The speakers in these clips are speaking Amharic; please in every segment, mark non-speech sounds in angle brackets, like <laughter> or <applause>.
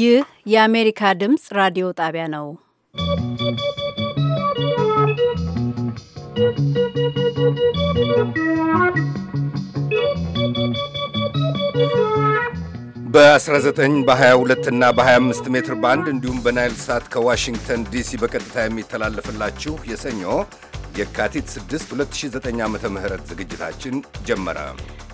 ይህ የአሜሪካ ድምፅ ራዲዮ ጣቢያ ነው። በ19 በ22 እና በ25 ሜትር ባንድ እንዲሁም በናይል ሳት ከዋሽንግተን ዲሲ በቀጥታ የሚተላለፍላችሁ የሰኞ የካቲት 6 2009 ዓ ም ዝግጅታችን ጀመረ።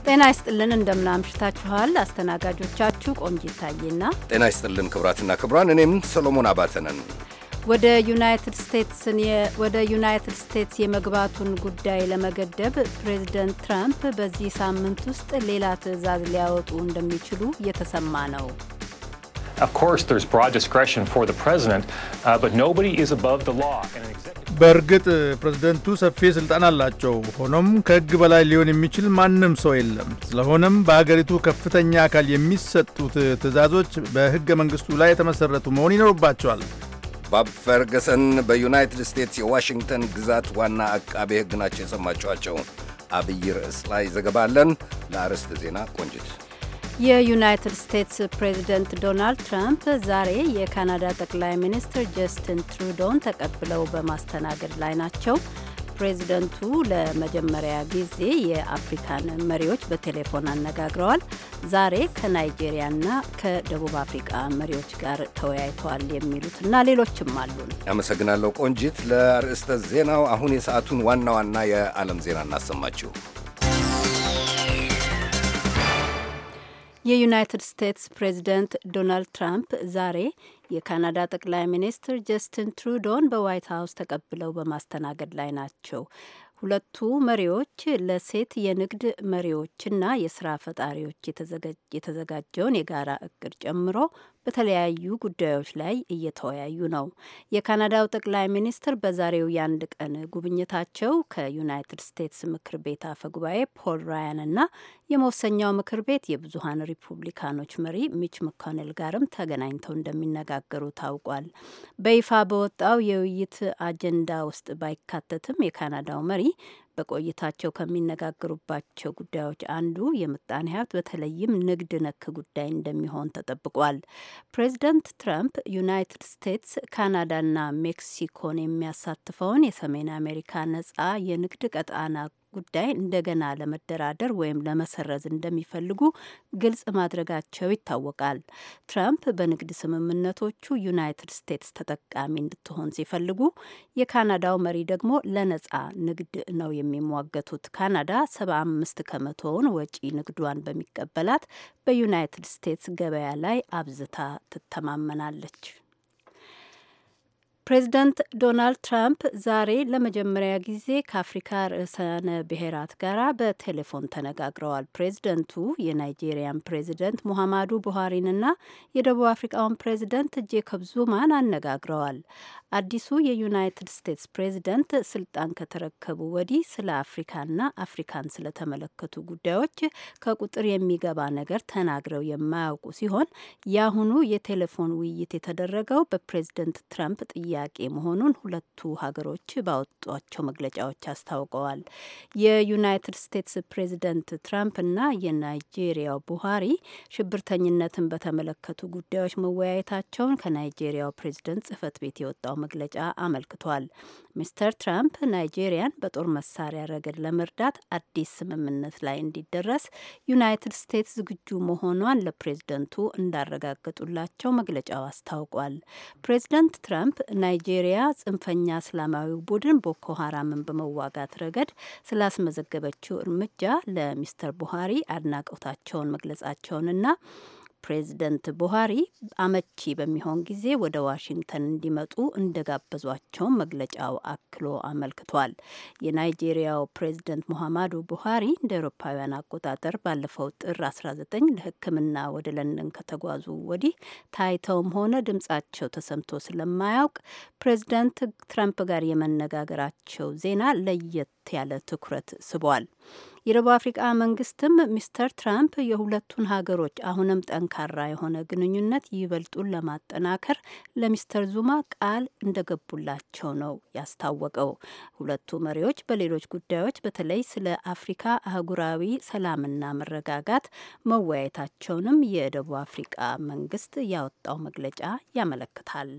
ጤና ይስጥልን፣ እንደምናምሽታችኋል። አስተናጋጆቻችሁ ቆንጂ ይታይና ጤና ይስጥልን ክቡራትና ክቡራን፣ እኔም ሰሎሞን አባተ ነን። ወደ ዩናይትድ ስቴትስን ወደ ዩናይትድ ስቴትስ የመግባቱን ጉዳይ ለመገደብ ፕሬዚደንት ትራምፕ በዚህ ሳምንት ውስጥ ሌላ ትዕዛዝ ሊያወጡ እንደሚችሉ እየተሰማ ነው። በእርግጥ uh, ፕሬዝደንቱ ሰፊ ስልጣን አላቸው። ሆኖም ከህግ በላይ ሊሆን የሚችል ማንም ሰው የለም። ስለሆነም በሀገሪቱ ከፍተኛ አካል የሚሰጡት ትዕዛዞች በህገ መንግስቱ ላይ የተመሰረቱ መሆን ይኖርባቸዋል። ባብ ፈርገሰን በዩናይትድ ስቴትስ የዋሽንግተን ግዛት ዋና አቃቤ ህግ ናቸው የሰማችኋቸው። አብይ ርዕስ ላይ ዘገባ አለን። ለአርዕስተ ዜና ቆንጅት የዩናይትድ ስቴትስ ፕሬዝደንት ዶናልድ ትራምፕ ዛሬ የካናዳ ጠቅላይ ሚኒስትር ጀስቲን ትሩዶን ተቀብለው በማስተናገድ ላይ ናቸው። ፕሬዝደንቱ ለመጀመሪያ ጊዜ የአፍሪካን መሪዎች በቴሌፎን አነጋግረዋል። ዛሬ ከናይጄሪያና ከደቡብ አፍሪካ መሪዎች ጋር ተወያይተዋል። የሚሉትና ሌሎችም አሉን። አመሰግናለሁ ቆንጂት። ለአርዕስተ ዜናው አሁን የሰዓቱን ዋና ዋና የዓለም ዜና እናሰማችሁ። የዩናይትድ ስቴትስ ፕሬዚደንት ዶናልድ ትራምፕ ዛሬ የካናዳ ጠቅላይ ሚኒስትር ጀስቲን ትሩዶን በዋይት ሀውስ ተቀብለው በማስተናገድ ላይ ናቸው። ሁለቱ መሪዎች ለሴት የንግድ መሪዎችና የስራ ፈጣሪዎች የተዘጋጀውን የጋራ እቅድ ጨምሮ በተለያዩ ጉዳዮች ላይ እየተወያዩ ነው። የካናዳው ጠቅላይ ሚኒስትር በዛሬው የአንድ ቀን ጉብኝታቸው ከዩናይትድ ስቴትስ ምክር ቤት አፈ ጉባኤ ፖል ራያን እና የመወሰኛው ምክር ቤት የብዙሀን ሪፑብሊካኖች መሪ ሚች መኮኔል ጋርም ተገናኝተው እንደሚነጋገሩ ታውቋል። በይፋ በወጣው የውይይት አጀንዳ ውስጥ ባይካተትም የካናዳው መሪ በቆይታቸው ከሚነጋገሩባቸው ጉዳዮች አንዱ የምጣኔ ሀብት በተለይም ንግድ ነክ ጉዳይ እንደሚሆን ተጠብቋል። ፕሬዚደንት ትራምፕ ዩናይትድ ስቴትስ ካናዳና ሜክሲኮን የሚያሳትፈውን የሰሜን አሜሪካ ነጻ የንግድ ቀጣና ጉዳይ እንደገና ለመደራደር ወይም ለመሰረዝ እንደሚፈልጉ ግልጽ ማድረጋቸው ይታወቃል። ትራምፕ በንግድ ስምምነቶቹ ዩናይትድ ስቴትስ ተጠቃሚ እንድትሆን ሲፈልጉ፣ የካናዳው መሪ ደግሞ ለነጻ ንግድ ነው የሚሟገቱት። ካናዳ 75 ከመቶውን ወጪ ንግዷን በሚቀበላት በዩናይትድ ስቴትስ ገበያ ላይ አብዝታ ትተማመናለች። ፕሬዚደንት ዶናልድ ትራምፕ ዛሬ ለመጀመሪያ ጊዜ ከአፍሪካ ርዕሳነ ብሔራት ጋር በቴሌፎን ተነጋግረዋል። ፕሬዚደንቱ የናይጄሪያን ፕሬዚደንት ሙሐማዱ ቡሃሪንና የደቡብ አፍሪካውን ፕሬዚደንት ጄኮብ ዙማን አነጋግረዋል። አዲሱ የዩናይትድ ስቴትስ ፕሬዚደንት ስልጣን ከተረከቡ ወዲህ ስለ አፍሪካና አፍሪካን ስለተመለከቱ ጉዳዮች ከቁጥር የሚገባ ነገር ተናግረው የማያውቁ ሲሆን የአሁኑ የቴሌፎን ውይይት የተደረገው በፕሬዚደንት ትራምፕ ጥያ ጥያቄ መሆኑን ሁለቱ ሀገሮች ባወጧቸው መግለጫዎች አስታውቀዋል። የዩናይትድ ስቴትስ ፕሬዚደንት እና የናይጄሪያው ቡሃሪ ሽብርተኝነትን በተመለከቱ ጉዳዮች መወያየታቸውን ከናይጄሪያው ፕሬዚደንት ጽህፈት ቤት የወጣው መግለጫ አመልክቷል። ሚስተር ትራምፕ ናይጄሪያን በጦር መሳሪያ ረገድ ለመርዳት አዲስ ስምምነት ላይ እንዲደረስ ዩናይትድ ስቴትስ ዝግጁ መሆኗን ለፕሬዝደንቱ እንዳረጋገጡላቸው መግለጫው አስታውቋል። ፕሬዝደንት ትራምፕ ናይጄሪያ ጽንፈኛ እስላማዊ ቡድን ቦኮ ሀራምን በመዋጋት ረገድ ስላስመዘገበችው እርምጃ ለሚስተር ቡሃሪ አድናቆታቸውን መግለጻቸውንና ፕሬዚደንት ቡሃሪ አመቺ በሚሆን ጊዜ ወደ ዋሽንግተን እንዲመጡ እንደጋበዟቸው መግለጫው አክሎ አመልክቷል። የናይጄሪያው ፕሬዚደንት ሙሐማዱ ቡሃሪ እንደ ኤሮፓውያን አቆጣጠር ባለፈው ጥር 19 ለሕክምና ወደ ለንደን ከተጓዙ ወዲህ ታይተውም ሆነ ድምጻቸው ተሰምቶ ስለማያውቅ ፕሬዚደንት ትራምፕ ጋር የመነጋገራቸው ዜና ለየት ያለ ትኩረት ስቧል። የደቡብ አፍሪቃ መንግስትም ሚስተር ትራምፕ የሁለቱን ሀገሮች አሁንም ጠንካራ የሆነ ግንኙነት ይበልጡን ለማጠናከር ለሚስተር ዙማ ቃል እንደገቡላቸው ነው ያስታወቀው። ሁለቱ መሪዎች በሌሎች ጉዳዮች በተለይ ስለ አፍሪካ አህጉራዊ ሰላምና መረጋጋት መወያየታቸውንም የደቡብ አፍሪቃ መንግስት ያወጣው መግለጫ ያመለክታል።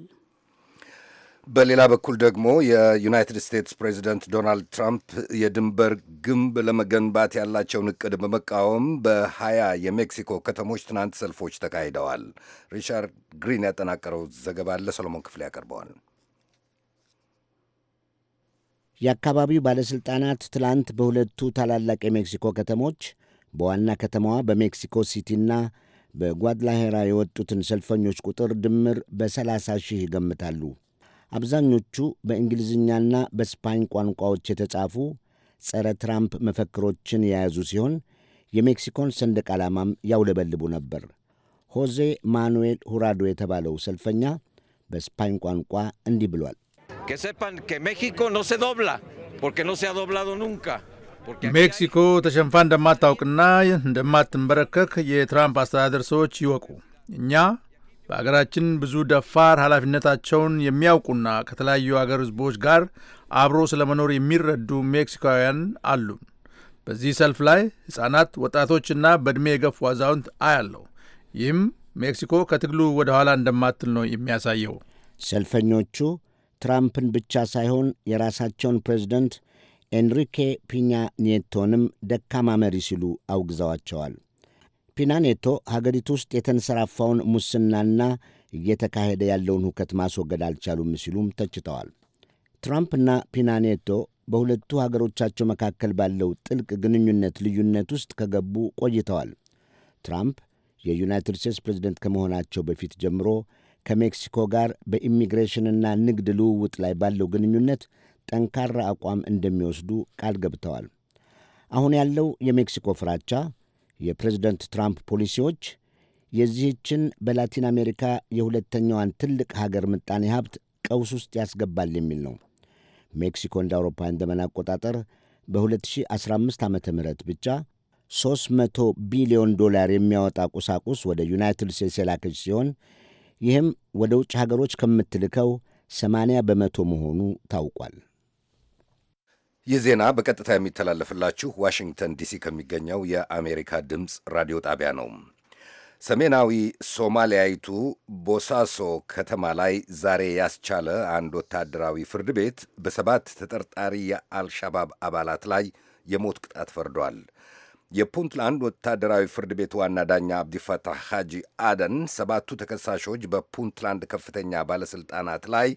በሌላ በኩል ደግሞ የዩናይትድ ስቴትስ ፕሬዚደንት ዶናልድ ትራምፕ የድንበር ግንብ ለመገንባት ያላቸውን እቅድ በመቃወም በሀያ የሜክሲኮ ከተሞች ትናንት ሰልፎች ተካሂደዋል። ሪቻርድ ግሪን ያጠናቀረው ዘገባ ለሰሎሞን ክፍሌ ያቀርበዋል። የአካባቢው ባለሥልጣናት ትላንት በሁለቱ ታላላቅ የሜክሲኮ ከተሞች በዋና ከተማዋ በሜክሲኮ ሲቲና በጓድላሄራ የወጡትን ሰልፈኞች ቁጥር ድምር በሰላሳ ሺህ ይገምታሉ። አብዛኞቹ በእንግሊዝኛና በስፓኝ ቋንቋዎች የተጻፉ ጸረ ትራምፕ መፈክሮችን የያዙ ሲሆን የሜክሲኮን ሰንደቅ ዓላማም ያውለበልቡ ነበር። ሆዜ ማኑኤል ሁራዶ የተባለው ሰልፈኛ በስፓኝ ቋንቋ እንዲህ ብሏል። ሜክሲኮ ተሸንፋ እንደማታውቅና እንደማትንበረከክ የትራምፕ አስተዳደር ሰዎች ይወቁ። እኛ በአገራችን ብዙ ደፋር ኃላፊነታቸውን የሚያውቁና ከተለያዩ አገር ሕዝቦች ጋር አብሮ ስለመኖር የሚረዱ ሜክሲካውያን አሉ። በዚህ ሰልፍ ላይ ሕፃናት፣ ወጣቶችና በዕድሜ የገፉ አዛውንት አያለሁ። ይህም ሜክሲኮ ከትግሉ ወደ ኋላ እንደማትል ነው የሚያሳየው። ሰልፈኞቹ ትራምፕን ብቻ ሳይሆን የራሳቸውን ፕሬዝደንት ኤንሪኬ ፒኛ ኒየቶንም ደካማ መሪ ሲሉ አውግዘዋቸዋል። ፒናኔቶ ሀገሪቱ ውስጥ የተንሰራፋውን ሙስናና እየተካሄደ ያለውን ሁከት ማስወገድ አልቻሉም ሲሉም ተችተዋል። ትራምፕና ፒናኔቶ በሁለቱ ሀገሮቻቸው መካከል ባለው ጥልቅ ግንኙነት ልዩነት ውስጥ ከገቡ ቆይተዋል። ትራምፕ የዩናይትድ ስቴትስ ፕሬዝደንት ከመሆናቸው በፊት ጀምሮ ከሜክሲኮ ጋር በኢሚግሬሽንና ንግድ ልውውጥ ላይ ባለው ግንኙነት ጠንካራ አቋም እንደሚወስዱ ቃል ገብተዋል። አሁን ያለው የሜክሲኮ ፍራቻ የፕሬዝደንት ትራምፕ ፖሊሲዎች የዚህችን በላቲን አሜሪካ የሁለተኛዋን ትልቅ ሀገር ምጣኔ ሀብት ቀውስ ውስጥ ያስገባል የሚል ነው። ሜክሲኮ እንደ አውሮፓውያን ዘመን አቆጣጠር በ2015 ዓ ም ብቻ 300 ቢሊዮን ዶላር የሚያወጣ ቁሳቁስ ወደ ዩናይትድ ስቴትስ የላከች ሲሆን ይህም ወደ ውጭ ሀገሮች ከምትልከው 80 በመቶ መሆኑ ታውቋል። ይህ ዜና በቀጥታ የሚተላለፍላችሁ ዋሽንግተን ዲሲ ከሚገኘው የአሜሪካ ድምፅ ራዲዮ ጣቢያ ነው። ሰሜናዊ ሶማሊያዊቱ ቦሳሶ ከተማ ላይ ዛሬ ያስቻለ አንድ ወታደራዊ ፍርድ ቤት በሰባት ተጠርጣሪ የአልሻባብ አባላት ላይ የሞት ቅጣት ፈርዷል። የፑንትላንድ ወታደራዊ ፍርድ ቤት ዋና ዳኛ አብዲፈታህ ሐጂ አደን ሰባቱ ተከሳሾች በፑንትላንድ ከፍተኛ ባለሥልጣናት ላይ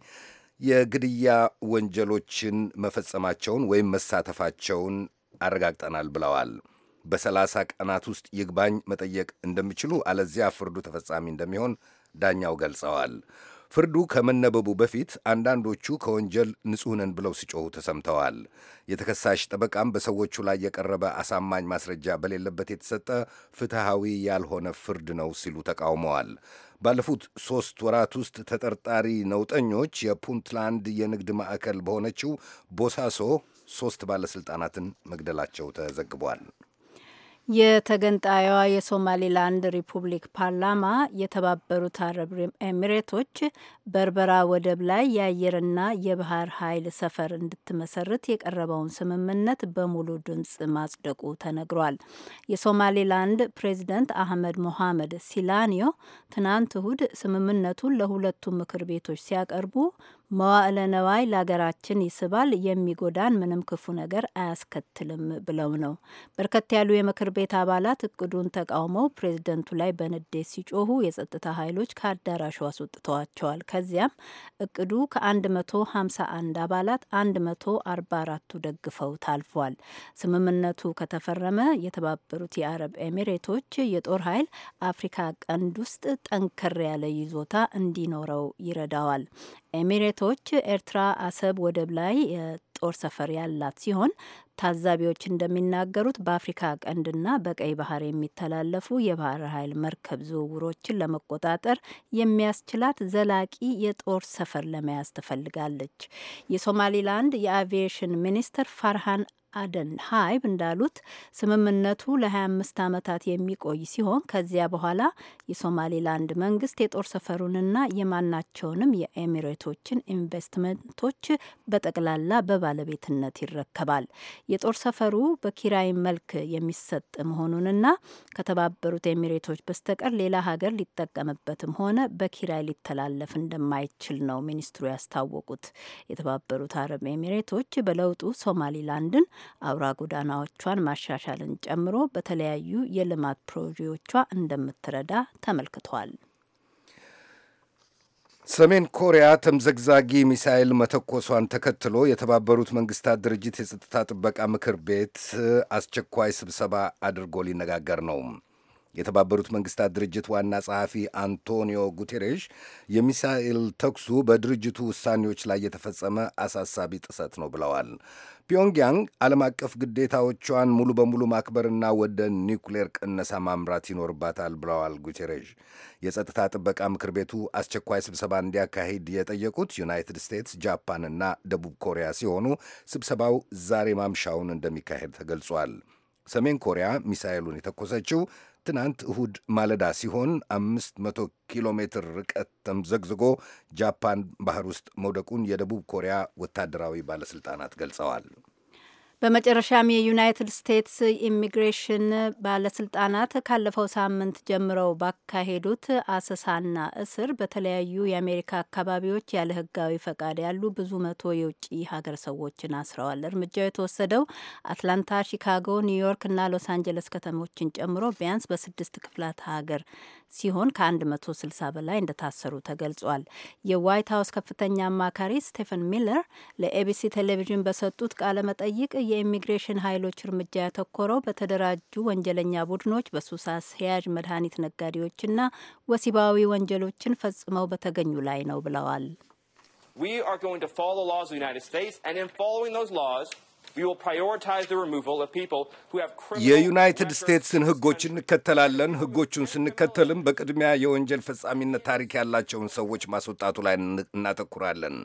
የግድያ ወንጀሎችን መፈጸማቸውን ወይም መሳተፋቸውን አረጋግጠናል ብለዋል። በሰላሳ ቀናት ውስጥ ይግባኝ መጠየቅ እንደሚችሉ አለዚያ ፍርዱ ተፈጻሚ እንደሚሆን ዳኛው ገልጸዋል። ፍርዱ ከመነበቡ በፊት አንዳንዶቹ ከወንጀል ንጹሕ ነን ብለው ሲጮሁ ተሰምተዋል። የተከሳሽ ጠበቃም በሰዎቹ ላይ የቀረበ አሳማኝ ማስረጃ በሌለበት የተሰጠ ፍትሐዊ ያልሆነ ፍርድ ነው ሲሉ ተቃውመዋል። ባለፉት ሦስት ወራት ውስጥ ተጠርጣሪ ነውጠኞች የፑንትላንድ የንግድ ማዕከል በሆነችው ቦሳሶ ሦስት ባለሥልጣናትን መግደላቸው ተዘግቧል። የተገንጣዩዋ የሶማሊላንድ ሪፑብሊክ ፓርላማ የተባበሩት አረብ ኤሚሬቶች በርበራ ወደብ ላይ የአየርና የባህር ኃይል ሰፈር እንድትመሰርት የቀረበውን ስምምነት በሙሉ ድምፅ ማጽደቁ ተነግሯል። የሶማሊላንድ ፕሬዚደንት አህመድ ሞሐመድ ሲላኒዮ ትናንት እሁድ ስምምነቱን ለሁለቱ ምክር ቤቶች ሲያቀርቡ መዋዕለ ነዋይ ለሀገራችን ይስባል፣ የሚጎዳን ምንም ክፉ ነገር አያስከትልም ብለው ነው። በርከት ያሉ የምክር ቤት አባላት እቅዱን ተቃውመው ፕሬዝደንቱ ላይ በንዴት ሲጮሁ የጸጥታ ኃይሎች ከአዳራሹ አስወጥተዋቸዋል። ከዚያም እቅዱ ከ151 አባላት 144ቱ ደግፈው ታልፏል። ስምምነቱ ከተፈረመ የተባበሩት የአረብ ኤሚሬቶች የጦር ኃይል አፍሪካ ቀንድ ውስጥ ጠንከር ያለ ይዞታ እንዲኖረው ይረዳዋል። ጀቶች ኤርትራ አሰብ ወደብ ላይ ጦር ሰፈር ያላት ሲሆን ታዛቢዎች እንደሚናገሩት በአፍሪካ ቀንድና በቀይ ባህር የሚተላለፉ የባህር ኃይል መርከብ ዝውውሮችን ለመቆጣጠር የሚያስችላት ዘላቂ የጦር ሰፈር ለመያዝ ትፈልጋለች። የሶማሊላንድ የአቪዬሽን ሚኒስትር ፋርሃን አደን ሀይብ እንዳሉት ስምምነቱ ለ25 ዓመታት የሚቆይ ሲሆን ከዚያ በኋላ የሶማሌላንድ መንግስት የጦር ሰፈሩንና የማናቸውንም የኤሚሬቶችን ኢንቨስትመንቶች በጠቅላላ በባለቤትነት ይረከባል። የጦር ሰፈሩ በኪራይ መልክ የሚሰጥ መሆኑንና ከተባበሩት ኤሚሬቶች በስተቀር ሌላ ሀገር ሊጠቀምበትም ሆነ በኪራይ ሊተላለፍ እንደማይችል ነው ሚኒስትሩ ያስታወቁት። የተባበሩት አረብ ኤሚሬቶች በለውጡ ሶማሌላንድን አውራ ጎዳናዎቿን ማሻሻልን ጨምሮ በተለያዩ የልማት ፕሮጀክቶቿ እንደምትረዳ ተመልክቷል። ሰሜን ኮሪያ ተምዘግዛጊ ሚሳይል መተኮሷን ተከትሎ የተባበሩት መንግስታት ድርጅት የጸጥታ ጥበቃ ምክር ቤት አስቸኳይ ስብሰባ አድርጎ ሊነጋገር ነው። የተባበሩት መንግስታት ድርጅት ዋና ጸሐፊ አንቶኒዮ ጉቴሬሽ የሚሳኤል ተኩሱ በድርጅቱ ውሳኔዎች ላይ የተፈጸመ አሳሳቢ ጥሰት ነው ብለዋል። ፒዮንግያንግ ዓለም አቀፍ ግዴታዎቿን ሙሉ በሙሉ ማክበርና ወደ ኒውክሌር ቅነሳ ማምራት ይኖርባታል ብለዋል ጉቴሬሽ። የጸጥታ ጥበቃ ምክር ቤቱ አስቸኳይ ስብሰባ እንዲያካሂድ የጠየቁት ዩናይትድ ስቴትስ፣ ጃፓንና ደቡብ ኮሪያ ሲሆኑ ስብሰባው ዛሬ ማምሻውን እንደሚካሄድ ተገልጿል። ሰሜን ኮሪያ ሚሳኤሉን የተኮሰችው ትናንት እሁድ ማለዳ ሲሆን 500 ኪሎ ሜትር ርቀት ተምዘግዝጎ ጃፓን ባህር ውስጥ መውደቁን የደቡብ ኮሪያ ወታደራዊ ባለሥልጣናት ገልጸዋል። በመጨረሻም የዩናይትድ ስቴትስ ኢሚግሬሽን ባለስልጣናት ካለፈው ሳምንት ጀምረው ባካሄዱት አሰሳና እስር በተለያዩ የአሜሪካ አካባቢዎች ያለ ሕጋዊ ፈቃድ ያሉ ብዙ መቶ የውጭ ሀገር ሰዎችን አስረዋል። እርምጃው የተወሰደው አትላንታ፣ ሺካጎ፣ ኒውዮርክ እና ሎስ አንጀለስ ከተሞችን ጨምሮ ቢያንስ በስድስት ክፍላት ሀገር ሲሆን ከ160 በላይ እንደታሰሩ ተገልጿል። የዋይት ሀውስ ከፍተኛ አማካሪ ስቴፈን ሚለር ለኤቢሲ ቴሌቪዥን በሰጡት ቃለ መጠይቅ የኢሚግሬሽን ኃይሎች እርምጃ ያተኮረው በተደራጁ ወንጀለኛ ቡድኖች፣ በሱስ አስያዥ መድኃኒት ነጋዴዎችና ወሲባዊ ወንጀሎችን ፈጽመው በተገኙ ላይ ነው ብለዋል። We are going to follow the laws of the United States, and in following those laws, የዩናይትድ ስቴትስን ህጎች እንከተላለን። ህጎቹን ስንከተልም በቅድሚያ የወንጀል ፈጻሚነት ታሪክ ያላቸውን ሰዎች ማስወጣቱ ላይ እናተኩራለን።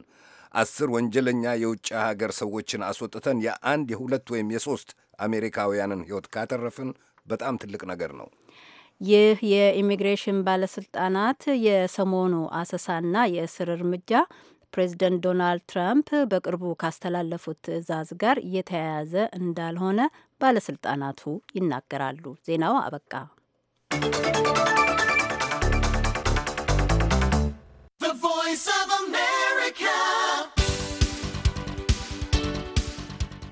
አስር ወንጀለኛ የውጭ ሀገር ሰዎችን አስወጥተን የአንድ የሁለት ወይም የሶስት አሜሪካውያንን ህይወት ካተረፍን በጣም ትልቅ ነገር ነው። ይህ የኢሚግሬሽን ባለስልጣናት የሰሞኑ አሰሳና የእስር እርምጃ ፕሬዚደንት ዶናልድ ትራምፕ በቅርቡ ካስተላለፉት ትዕዛዝ ጋር እየተያያዘ እንዳልሆነ ባለስልጣናቱ ይናገራሉ። ዜናው አበቃ። ቮይስ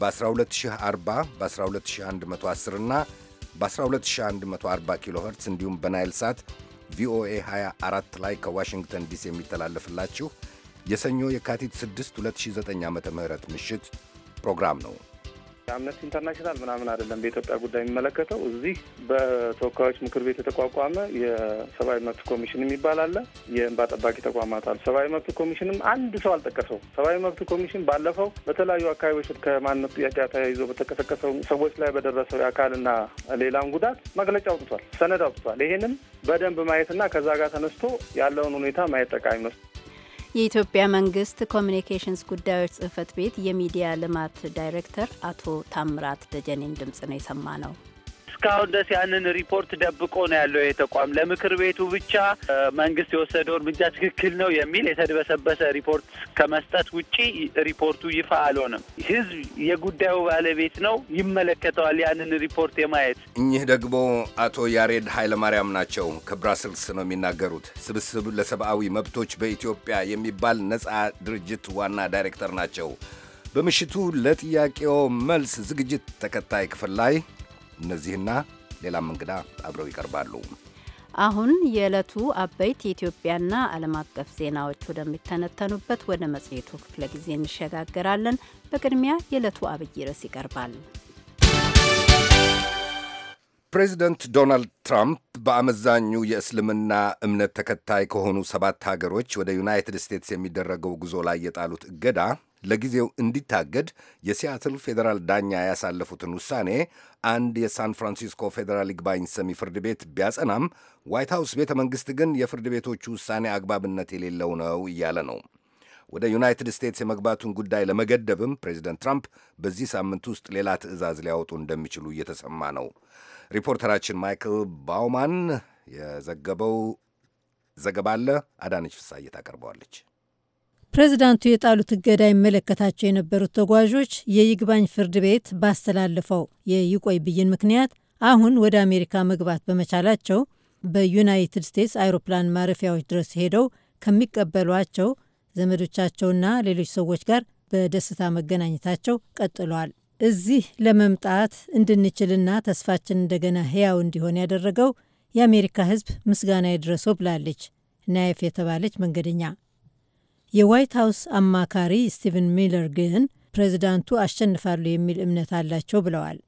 በ12040 በ12110 እና በ12140 ኪሎ ኸርትስ እንዲሁም በናይል ሳት ቪኦኤ 24 ላይ ከዋሽንግተን ዲሲ የሚተላለፍላችሁ የሰኞ የካቲት 6 2009 ዓ ም ምሽት ፕሮግራም ነው። አምነስቲ ኢንተርናሽናል ምናምን አይደለም በኢትዮጵያ ጉዳይ የሚመለከተው። እዚህ በተወካዮች ምክር ቤት የተቋቋመ የሰብአዊ መብት ኮሚሽን የሚባል አለ። የእንባ ጠባቂ ተቋማት አሉ። ሰብአዊ መብት ኮሚሽንም አንድ ሰው አልጠቀሰው። ሰብአዊ መብት ኮሚሽን ባለፈው በተለያዩ አካባቢዎች ከማንነት ጥያቄ ተያይዞ በተቀሰቀሰው ሰዎች ላይ በደረሰው የአካልና ሌላም ጉዳት መግለጫ አውጥቷል፣ ሰነድ አውጥቷል። ይሄንም በደንብ ማየትና ከዛ ጋር ተነስቶ ያለውን ሁኔታ ማየት ጠቃሚ ነው። የኢትዮጵያ መንግስት ኮሚኒኬሽንስ ጉዳዮች ጽህፈት ቤት የሚዲያ ልማት ዳይሬክተር አቶ ታምራት ደጀኔን ድምጽ ነው የሰማ ነው። እስካሁን ድረስ ያንን ሪፖርት ደብቆ ነው ያለው ይሄ ተቋም። ለምክር ቤቱ ብቻ መንግስት የወሰደው እርምጃ ትክክል ነው የሚል የተድበሰበሰ ሪፖርት ከመስጠት ውጪ ሪፖርቱ ይፋ አልሆነም። ህዝብ የጉዳዩ ባለቤት ነው፣ ይመለከተዋል ያንን ሪፖርት የማየት። እኚህ ደግሞ አቶ ያሬድ ኃይለማርያም ናቸው። ከብራስልስ ነው የሚናገሩት። ስብስብ ለሰብአዊ መብቶች በኢትዮጵያ የሚባል ነጻ ድርጅት ዋና ዳይሬክተር ናቸው። በምሽቱ ለጥያቄው መልስ ዝግጅት ተከታይ ክፍል ላይ እነዚህና ሌላም እንግዳ አብረው ይቀርባሉ። አሁን የዕለቱ አበይት የኢትዮጵያና ዓለም አቀፍ ዜናዎች ወደሚተነተኑበት ወደ መጽሔቱ ክፍለ ጊዜ እንሸጋገራለን። በቅድሚያ የዕለቱ አብይ ርዕስ ይቀርባል። ፕሬዚደንት ዶናልድ ትራምፕ በአመዛኙ የእስልምና እምነት ተከታይ ከሆኑ ሰባት ሀገሮች ወደ ዩናይትድ ስቴትስ የሚደረገው ጉዞ ላይ የጣሉት እገዳ ለጊዜው እንዲታገድ የሲያትል ፌዴራል ዳኛ ያሳለፉትን ውሳኔ አንድ የሳን ፍራንሲስኮ ፌዴራል ይግባኝ ሰሚ ፍርድ ቤት ቢያጸናም ዋይት ሀውስ ቤተ መንግሥት ግን የፍርድ ቤቶቹ ውሳኔ አግባብነት የሌለው ነው እያለ ነው። ወደ ዩናይትድ ስቴትስ የመግባቱን ጉዳይ ለመገደብም ፕሬዚደንት ትራምፕ በዚህ ሳምንት ውስጥ ሌላ ትዕዛዝ ሊያወጡ እንደሚችሉ እየተሰማ ነው። ሪፖርተራችን ማይክል ባውማን የዘገበው ዘገባ አለ። አዳነች ፍሳዬ ታቀርበዋለች። ፕሬዚዳንቱ የጣሉት እገዳ ይመለከታቸው የነበሩት ተጓዦች የይግባኝ ፍርድ ቤት ባስተላለፈው የይቆይ ብይን ምክንያት አሁን ወደ አሜሪካ መግባት በመቻላቸው በዩናይትድ ስቴትስ አይሮፕላን ማረፊያዎች ድረስ ሄደው ከሚቀበሏቸው ዘመዶቻቸውና ሌሎች ሰዎች ጋር በደስታ መገናኘታቸው ቀጥሏል። እዚህ ለመምጣት እንድንችልና ተስፋችን እንደገና ሕያው እንዲሆን ያደረገው የአሜሪካ ሕዝብ ምስጋና ይድረሰው ብላለች ናየፍ የተባለች መንገደኛ። የዋይት ሀውስ አማካሪ ስቲቨን ሚለር ግን ፕሬዚዳንቱ አሸንፋሉ የሚል እምነት አላቸው ብለዋል።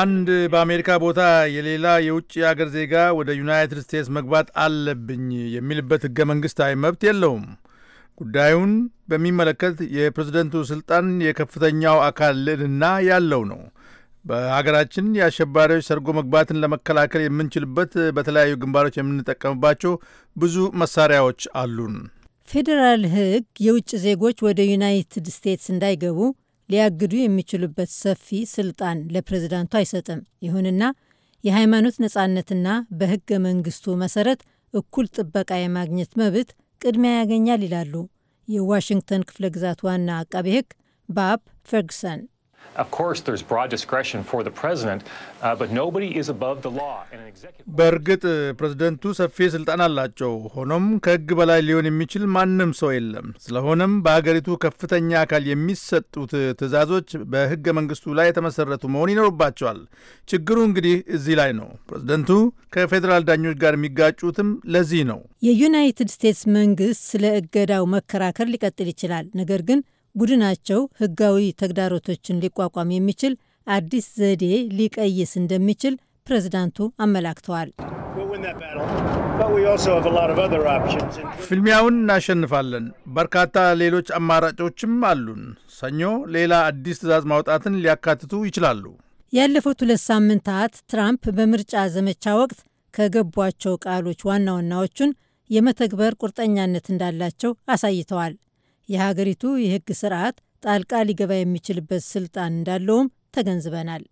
አንድ በአሜሪካ ቦታ የሌላ የውጭ አገር ዜጋ ወደ ዩናይትድ ስቴትስ መግባት አለብኝ የሚልበት ህገ መንግስታዊ መብት የለውም። ጉዳዩን በሚመለከት የፕሬዝደንቱ ስልጣን የከፍተኛው አካል ልዕልና ያለው ነው። በሀገራችን የአሸባሪዎች ሰርጎ መግባትን ለመከላከል የምንችልበት በተለያዩ ግንባሮች የምንጠቀምባቸው ብዙ መሳሪያዎች አሉን። ፌዴራል ሕግ የውጭ ዜጎች ወደ ዩናይትድ ስቴትስ እንዳይገቡ ሊያግዱ የሚችሉበት ሰፊ ስልጣን ለፕሬዝዳንቱ አይሰጥም። ይሁንና የሃይማኖት ነጻነትና በህገ መንግስቱ መሰረት እኩል ጥበቃ የማግኘት መብት ቅድሚያ ያገኛል ይላሉ የዋሽንግተን ክፍለ ግዛት ዋና አቃቤ ሕግ ባብ ፈርግሰን። በእርግጥ uh, ፕሬዝደንቱ ሰፊ ስልጣን አላቸው። ሆኖም ከህግ በላይ ሊሆን የሚችል ማንም ሰው የለም። ስለሆነም በአገሪቱ ከፍተኛ አካል የሚሰጡት ትዕዛዞች በሕገ መንግስቱ ላይ የተመሰረቱ መሆን ይኖርባቸዋል። ችግሩ እንግዲህ እዚህ ላይ ነው። ፕሬዝደንቱ ከፌዴራል ዳኞች ጋር የሚጋጩትም ለዚህ ነው። የዩናይትድ ስቴትስ መንግስት ስለ እገዳው መከራከር ሊቀጥል ይችላል። ነገር ግን ቡድናቸው ህጋዊ ተግዳሮቶችን ሊቋቋም የሚችል አዲስ ዘዴ ሊቀይስ እንደሚችል ፕሬዝዳንቱ አመላክተዋል። ፍልሚያውን እናሸንፋለን። በርካታ ሌሎች አማራጮችም አሉን። ሰኞ ሌላ አዲስ ትዕዛዝ ማውጣትን ሊያካትቱ ይችላሉ። ያለፉት ሁለት ሳምንታት ትራምፕ በምርጫ ዘመቻ ወቅት ከገቧቸው ቃሎች ዋና ዋናዎቹን የመተግበር ቁርጠኛነት እንዳላቸው አሳይተዋል። የሀገሪቱ የህግ ስርዓት ጣልቃ ሊገባ የሚችልበት ስልጣን እንዳለውም ተገንዝበናል።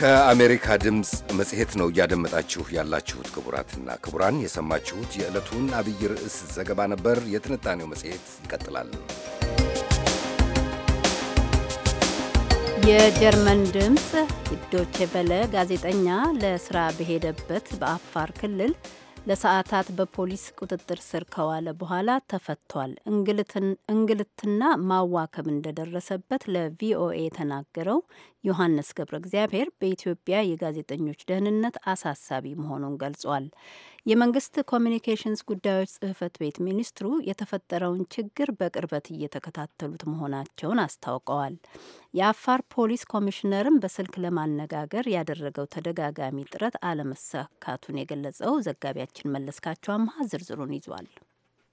ከአሜሪካ ድምፅ መጽሔት ነው እያደመጣችሁ ያላችሁት። ክቡራትና ክቡራን የሰማችሁት የዕለቱን አብይ ርዕስ ዘገባ ነበር። የትንታኔው መጽሔት ይቀጥላል። የጀርመን ድምፅ ዶቼ በለ ጋዜጠኛ ለስራ በሄደበት በአፋር ክልል ለሰዓታት በፖሊስ ቁጥጥር ስር ከዋለ በኋላ ተፈቷል። እንግልትና ማዋከብ እንደደረሰበት ለቪኦኤ የተናገረው ዮሐንስ ገብረ እግዚአብሔር በኢትዮጵያ የጋዜጠኞች ደህንነት አሳሳቢ መሆኑን ገልጿል። የመንግስት ኮሚኒኬሽንስ ጉዳዮች ጽህፈት ቤት ሚኒስትሩ የተፈጠረውን ችግር በቅርበት እየተከታተሉት መሆናቸውን አስታውቀዋል። የአፋር ፖሊስ ኮሚሽነርም በስልክ ለማነጋገር ያደረገው ተደጋጋሚ ጥረት አለመሳካቱን የገለጸው ዘጋቢያችን መለስካቸው አምሃ ዝርዝሩን ይዟል።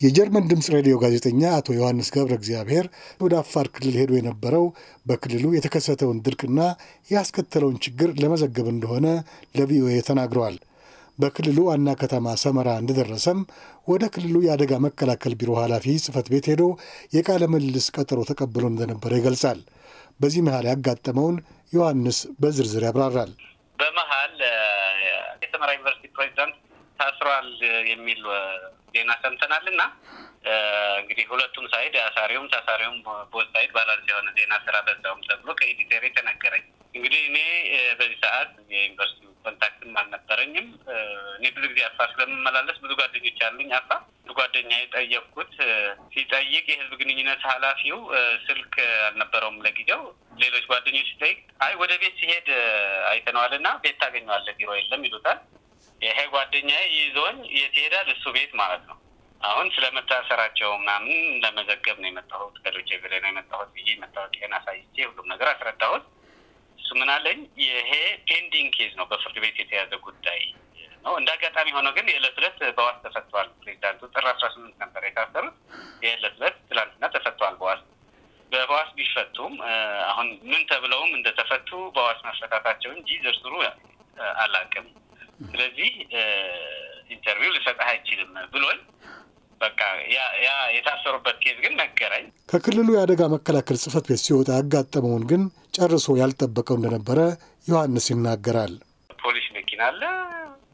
የጀርመን ድምፅ ሬዲዮ ጋዜጠኛ አቶ ዮሐንስ ገብረ እግዚአብሔር ወደ አፋር ክልል ሄዶ የነበረው በክልሉ የተከሰተውን ድርቅና ያስከተለውን ችግር ለመዘገብ እንደሆነ ለቪኦኤ ተናግረዋል። በክልሉ ዋና ከተማ ሰመራ እንደደረሰም ወደ ክልሉ የአደጋ መከላከል ቢሮ ኃላፊ ጽህፈት ቤት ሄዶ የቃለ ምልልስ ቀጠሮ ተቀብሎ እንደነበረ ይገልጻል። በዚህ መሀል ያጋጠመውን ዮሐንስ በዝርዝር ያብራራል። በመሀል የሰመራ ዩኒቨርሲቲ ፕሬዚዳንት ታስሯል የሚል ዜና ሰምተናል እና እንግዲህ ሁለቱም ሳይድ አሳሪውም ታሳሪውም ቦት ሳይድ ባላንስ የሆነ ዜና ስራ በዛውም ተብሎ ከኤዲተር የተነገረኝ እንግዲህ እኔ በዚህ ሰዓት የዩኒቨርሲቲ ኮንታክትም አልነበረኝም። እኔ ብዙ ጊዜ አፋር ስለምመላለስ ብዙ ጓደኞች አሉኝ። አፋር ብዙ ጓደኛ የጠየቅኩት ሲጠይቅ የህዝብ ግንኙነት ኃላፊው ስልክ አልነበረውም ለጊዜው። ሌሎች ጓደኞች ሲጠይቅ አይ ወደ ቤት ሲሄድ አይተነዋል እና ቤት ታገኘዋለህ፣ ቢሮ የለም ይሉታል። ይሄ ጓደኛ ይዞኝ የት ይሄዳል? እሱ ቤት ማለት ነው። አሁን ስለመታሰራቸው ምናምን ለመዘገብ ነው የመጣሁት፣ ከዶቼ ቬለ ነው የመጣሁት ብዬ መታወቂያን አሳይቼ ሁሉም ነገር አስረዳሁት። እሱ ምን አለኝ ይሄ ፔንዲንግ ኬዝ ነው፣ በፍርድ ቤት የተያዘ ጉዳይ ነው። እንደ አጋጣሚ ሆኖ ግን የዕለት ዕለት በዋስ ተፈቷል። ፕሬዚዳንቱ ጥር አስራ ስምንት ነበር የታሰሩት። የዕለት ዕለት ትላንትና ተፈቷል በዋስ በዋስ ቢፈቱም አሁን ምን ተብለውም እንደተፈቱ በዋስ መፈታታቸው እንጂ ዝርዝሩ አላውቅም። ስለዚህ ኢንተርቪው ልሰጥህ አይችልም ብሎን በቃ ያ የታሰሩበት ኬዝ ግን ነገረኝ። ከክልሉ የአደጋ መከላከል ጽፈት ቤት ሲወጣ ያጋጠመውን ግን ጨርሶ ያልጠበቀው እንደነበረ ዮሐንስ ይናገራል። ፖሊስ መኪና አለ፣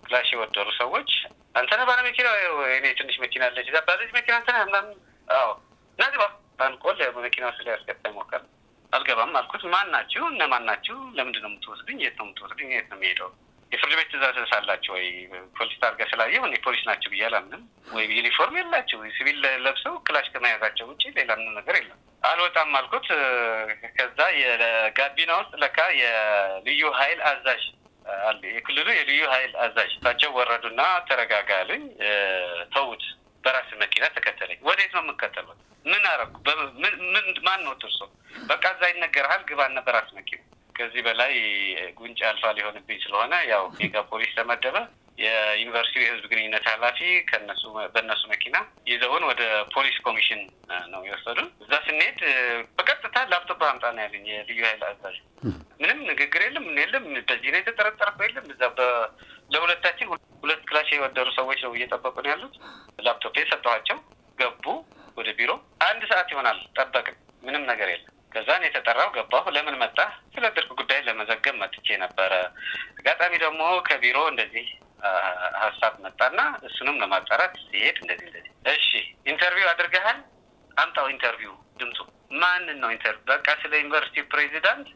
ክላሽ የወደሩ ሰዎች አንተነህ ባለ መኪና እኔ ትንሽ መኪና አለች ዛ ባለች መኪና አንተ አንተነህ ምናምን አዎ ናዚባ ባንቆል መኪና ውስጥ ላይ ያስገባ ሞከር አልገባም አልኩት። ማን ናችሁ? እነማን ናችሁ? ለምንድን ነው የምትወስድኝ? የት ነው የምትወስድኝ? የት ነው የሚሄደው? የፍርድ ቤት ትእዛዝ ሳላቸው ወይ ፖሊስ ታርጋ ስላየው እኔ ፖሊስ ናቸው ብዬ አላምንም። ወይ ዩኒፎርም የላቸው ሲቪል ለብሰው ክላሽ ከመያዛቸው ውጭ ሌላ ምንም ነገር የለም። አልወጣም አልኩት። ከዛ የጋቢና ውስጥ ለካ የልዩ ኃይል አዛዥ አለ፣ የክልሉ የልዩ ኃይል አዛዥ እሳቸው ወረዱና ተረጋጋ አሉኝ። በራስ መኪና ተከተለኝ። ወዴት ነው የምከተሉት? ምን አረኩ? ምን ማን ነው ትርሶ? በቃ እዛ ይነገርሃል፣ ግባና በራስ መኪና ከዚህ በላይ ጉንጭ አልፋ ሊሆንብኝ ስለሆነ ያው ሜጋ ፖሊስ ተመደበ። የዩኒቨርሲቲው የህዝብ ግንኙነት ኃላፊ ከነሱ በእነሱ መኪና ይዘውን ወደ ፖሊስ ኮሚሽን ነው የወሰዱን። እዛ ስንሄድ በቀጥታ ላፕቶፕ አምጣ ነው ያለኝ የልዩ ኃይል አዛዥ። ምንም ንግግር የለም የለም፣ በዚህ ላይ የተጠረጠረ የለም። እዛ ለሁለታችን ሁለት ክላሽ የወደሩ ሰዎች ነው እየጠበቁ ነው ያሉት። ላፕቶፕ የሰጠኋቸው ገቡ ወደ ቢሮ። አንድ ሰዓት ይሆናል ጠበቅን፣ ምንም ነገር የለም። ከዛን የተጠራው ገባሁ። ለምን መጣ? ስለ ድርቅ ጉዳይ ለመዘገብ መጥቼ ነበረ። አጋጣሚ ደግሞ ከቢሮ እንደዚህ ሀሳብ መጣና እሱንም ለማጣራት ሲሄድ እንደዚህ እንደዚህ፣ እሺ ኢንተርቪው አድርገሃል፣ አምጣው ኢንተርቪው ድምፁ ማንን ነው ኢንተር በቃ ስለ ዩኒቨርሲቲ ፕሬዚዳንት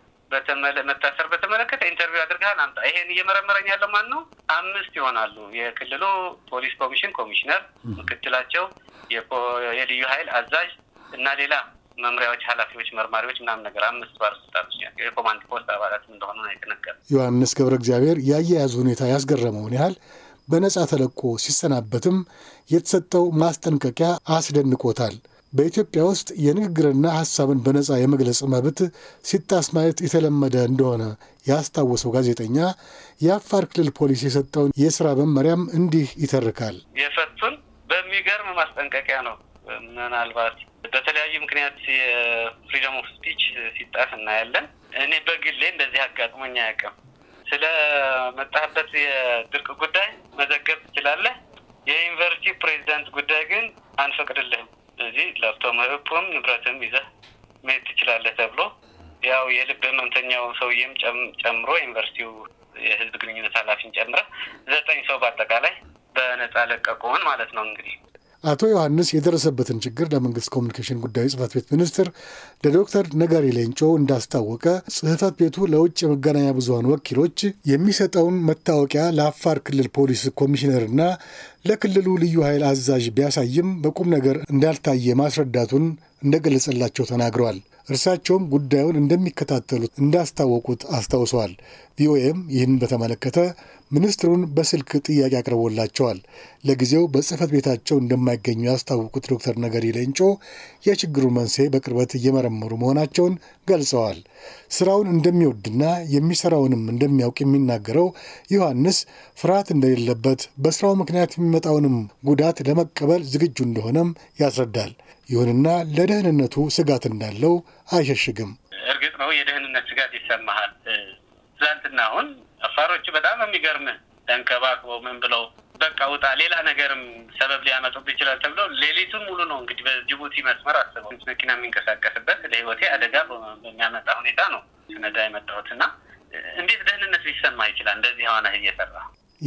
መታሰር በተመለከተ ኢንተርቪው አድርገሃል፣ አምጣ። ይሄን እየመረመረኝ ያለው ማን ነው? አምስት ይሆናሉ። የክልሉ ፖሊስ ኮሚሽን ኮሚሽነር፣ ምክትላቸው፣ የልዩ ኃይል አዛዥ እና ሌላ መምሪያዎች ኃላፊዎች፣ መርማሪዎች ምናምን ነገር አምስት ባለስልጣኖች የኮማንድ ፖስት አባላት እንደሆኑ ነው የተነገረው። ዮሐንስ ገብረ እግዚአብሔር የአያያዙ ሁኔታ ያስገረመውን ያህል በነጻ ተለቆ ሲሰናበትም የተሰጠው ማስጠንቀቂያ አስደንቆታል። በኢትዮጵያ ውስጥ የንግግርና ሀሳብን በነጻ የመግለጽ መብት ሲጣስ ማየት የተለመደ እንደሆነ ያስታወሰው ጋዜጠኛ የአፋር ክልል ፖሊስ የሰጠውን የስራ መመሪያም እንዲህ ይተርካል። የፈቱን በሚገርም ማስጠንቀቂያ ነው ምናልባት በተለያዩ ምክንያት የፍሪደም ኦፍ ስፒች ሲጣስ እናያለን። እኔ በግሌ እንደዚህ አጋጥሞኝ አያውቅም። ስለ መጣህበት የድርቅ ጉዳይ መዘገብ ትችላለህ። የዩኒቨርሲቲ ፕሬዚዳንት ጉዳይ ግን አንፈቅድልህም። እዚህ ላፕቶፕ ህብም ንብረትም ይዘህ መሄድ ትችላለህ ተብሎ ያው የልብ ህመምተኛው ሰውዬም ጨምሮ ዩኒቨርሲቲው የህዝብ ግንኙነት ኃላፊን ጨምረ ዘጠኝ ሰው በአጠቃላይ በነጻ ለቀቁን ማለት ነው እንግዲህ አቶ ዮሐንስ የደረሰበትን ችግር ለመንግስት ኮሚኒኬሽን ጉዳይ ጽህፈት ቤት ሚኒስትር ለዶክተር ነጋሪ ሌንጮ እንዳስታወቀ ጽህፈት ቤቱ ለውጭ የመገናኛ ብዙሀን ወኪሎች የሚሰጠውን መታወቂያ ለአፋር ክልል ፖሊስ ኮሚሽነርና ለክልሉ ልዩ ኃይል አዛዥ ቢያሳይም በቁም ነገር እንዳልታየ ማስረዳቱን እንደገለጸላቸው ተናግረዋል። እርሳቸውም ጉዳዩን እንደሚከታተሉት እንዳስታወቁት አስታውሰዋል። ቪኦኤም ይህን በተመለከተ ሚኒስትሩን በስልክ ጥያቄ አቅርቦላቸዋል። ለጊዜው በጽህፈት ቤታቸው እንደማይገኙ ያስታወቁት ዶክተር ነገሪ ሌንጮ የችግሩን መንስኤ በቅርበት እየመረመሩ መሆናቸውን ገልጸዋል። ስራውን እንደሚወድና የሚሰራውንም እንደሚያውቅ የሚናገረው ዮሐንስ ፍርሃት እንደሌለበት በስራው ምክንያት የሚመጣውንም ጉዳት ለመቀበል ዝግጁ እንደሆነም ያስረዳል። ይሁንና ለደህንነቱ ስጋት እንዳለው አይሸሽግም። እርግጥ ነው የደህንነት ስጋት ይሰማሃል። ትላንትና አሁን አፋሮቹ በጣም የሚገርም ተንከባክበው ምን ብለው በቃ ውጣ፣ ሌላ ነገርም ሰበብ ሊያመጡብ ይችላል ተብለው ሌሊቱን ሙሉ ነው እንግዲህ በጅቡቲ መስመር አስበው መኪና የሚንቀሳቀስበት ለህይወቴ አደጋ በሚያመጣ ሁኔታ ነው ስነዳ የመጣሁት እና እንዴት ደህንነት ሊሰማ ይችላል? እንደዚህ ሆነ እየሰራ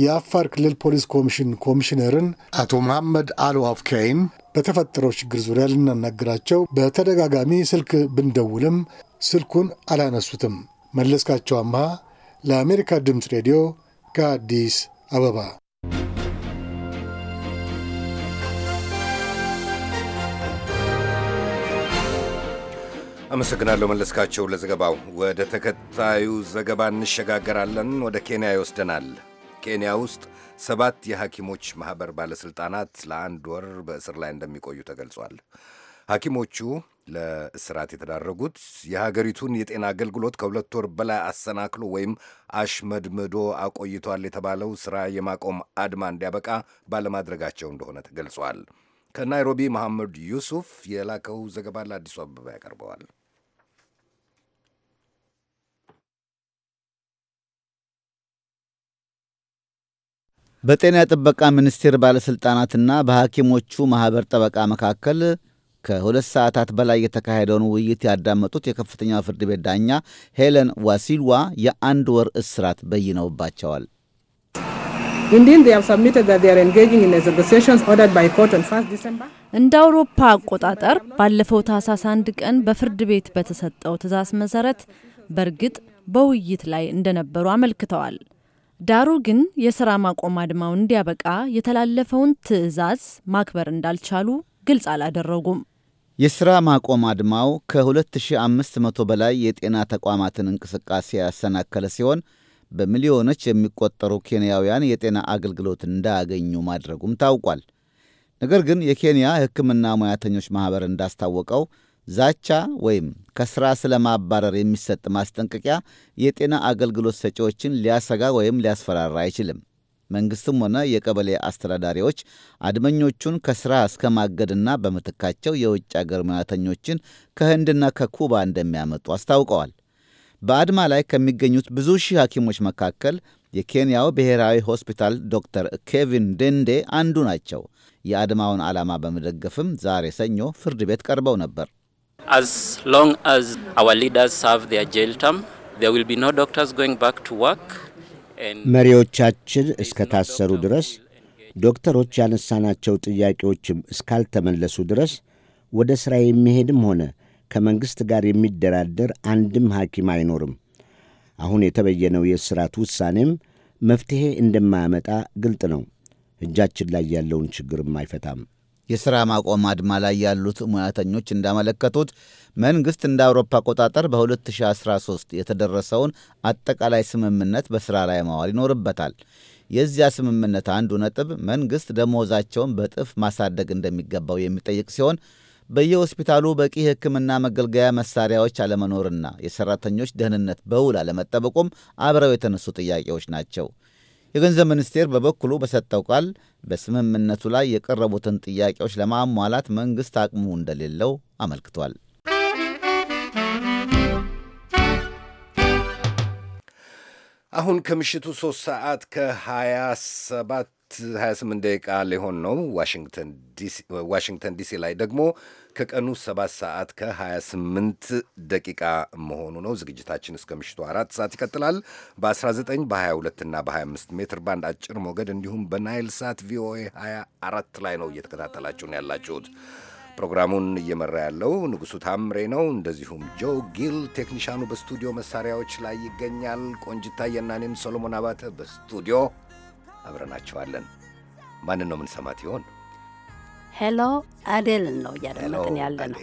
የአፋር ክልል ፖሊስ ኮሚሽን ኮሚሽነርን አቶ መሐመድ አሉ አፍካይም በተፈጠረው ችግር ዙሪያ ልናናግራቸው በተደጋጋሚ ስልክ ብንደውልም ስልኩን አላነሱትም። መለስካቸው አምሃ ለአሜሪካ ድምፅ ሬዲዮ ከአዲስ አበባ አመሰግናለሁ መለስካቸው ለዘገባው። ወደ ተከታዩ ዘገባ እንሸጋገራለን። ወደ ኬንያ ይወስደናል። ኬንያ ውስጥ ሰባት የሐኪሞች ማኅበር ባለሥልጣናት ለአንድ ወር በእስር ላይ እንደሚቆዩ ተገልጿል። ሐኪሞቹ ለእስራት የተዳረጉት የሀገሪቱን የጤና አገልግሎት ከሁለት ወር በላይ አሰናክሎ ወይም አሽመድምዶ አቆይቷል የተባለው ስራ የማቆም አድማ እንዲያበቃ ባለማድረጋቸው እንደሆነ ተገልጿል። ከናይሮቢ መሐመድ ዩሱፍ የላከው ዘገባ ለአዲሱ አበባ ያቀርበዋል። በጤና ጥበቃ ሚኒስቴር ባለሥልጣናትና በሐኪሞቹ ማኅበር ጠበቃ መካከል ከሁለት ሰዓታት በላይ የተካሄደውን ውይይት ያዳመጡት የከፍተኛው ፍርድ ቤት ዳኛ ሄለን ዋሲልዋ የአንድ ወር እስራት በይነውባቸዋል። እንደ አውሮፓ አቆጣጠር ባለፈው ታህሳስ አንድ ቀን በፍርድ ቤት በተሰጠው ትዕዛዝ መሰረት በእርግጥ በውይይት ላይ እንደነበሩ አመልክተዋል። ዳሩ ግን የስራ ማቆም አድማው እንዲያበቃ የተላለፈውን ትዕዛዝ ማክበር እንዳልቻሉ ግልጽ አላደረጉም። የሥራ ማቆም አድማው ከ2500 በላይ የጤና ተቋማትን እንቅስቃሴ ያሰናከለ ሲሆን በሚሊዮኖች የሚቆጠሩ ኬንያውያን የጤና አገልግሎት እንዳያገኙ ማድረጉም ታውቋል። ነገር ግን የኬንያ ሕክምና ሙያተኞች ማኅበር እንዳስታወቀው ዛቻ ወይም ከሥራ ስለማባረር የሚሰጥ ማስጠንቀቂያ የጤና አገልግሎት ሰጪዎችን ሊያሰጋ ወይም ሊያስፈራራ አይችልም። መንግሥትም ሆነ የቀበሌ አስተዳዳሪዎች አድመኞቹን ከሥራ እስከ ማገድና በምትካቸው የውጭ አገር ሙያተኞችን ከህንድና ከኩባ እንደሚያመጡ አስታውቀዋል። በአድማ ላይ ከሚገኙት ብዙ ሺህ ሐኪሞች መካከል የኬንያው ብሔራዊ ሆስፒታል ዶክተር ኬቪን ዴንዴ አንዱ ናቸው። የአድማውን ዓላማ በመደገፍም ዛሬ ሰኞ ፍርድ ቤት ቀርበው ነበር። as long as our leaders serve their jail term, there will be no doctors መሪዎቻችን እስከ ታሰሩ ድረስ ዶክተሮች ያነሳናቸው ጥያቄዎችም እስካልተመለሱ ድረስ ወደ ሥራ የሚሄድም ሆነ ከመንግሥት ጋር የሚደራደር አንድም ሐኪም አይኖርም። አሁን የተበየነው የእስራት ውሳኔም መፍትሔ እንደማያመጣ ግልጥ ነው። እጃችን ላይ ያለውን ችግርም አይፈታም። የሥራ ማቆም አድማ ላይ ያሉት ሙያተኞች እንዳመለከቱት መንግሥት እንደ አውሮፓ አቆጣጠር በ2013 የተደረሰውን አጠቃላይ ስምምነት በሥራ ላይ ማዋል ይኖርበታል። የዚያ ስምምነት አንዱ ነጥብ መንግሥት ደሞዛቸውን በጥፍ ማሳደግ እንደሚገባው የሚጠይቅ ሲሆን በየሆስፒታሉ በቂ ሕክምና መገልገያ መሳሪያዎች አለመኖርና የሠራተኞች ደህንነት በውል አለመጠበቁም አብረው የተነሱ ጥያቄዎች ናቸው። የገንዘብ ሚኒስቴር በበኩሉ በሰጠው ቃል በስምምነቱ ላይ የቀረቡትን ጥያቄዎች ለማሟላት መንግሥት አቅሙ እንደሌለው አመልክቷል። አሁን ከምሽቱ ሶስት ሰዓት ከ27 28 ደቂቃ ሊሆን ነው። ዋሽንግተን ዲሲ ላይ ደግሞ ከቀኑ 7 ሰዓት ከ28 ደቂቃ መሆኑ ነው። ዝግጅታችን እስከ ምሽቱ አራት ሰዓት ይቀጥላል። በ19 በ22 እና በ25 ሜትር ባንድ አጭር ሞገድ እንዲሁም በናይል ሳት ቪኦኤ 24 ላይ ነው እየተከታተላችሁን ያላችሁት። ፕሮግራሙን እየመራ ያለው ንጉሱ ታምሬ ነው። እንደዚሁም ጆ ጊል ቴክኒሻኑ በስቱዲዮ መሳሪያዎች ላይ ይገኛል። ቆንጅታ የናኔም ሰሎሞን አባተ በስቱዲዮ አብረናችኋለን። ማንን ነው የምንሰማት ይሆን? ሄሎ አዴልን ነው እያደመጥን ያለ ነው።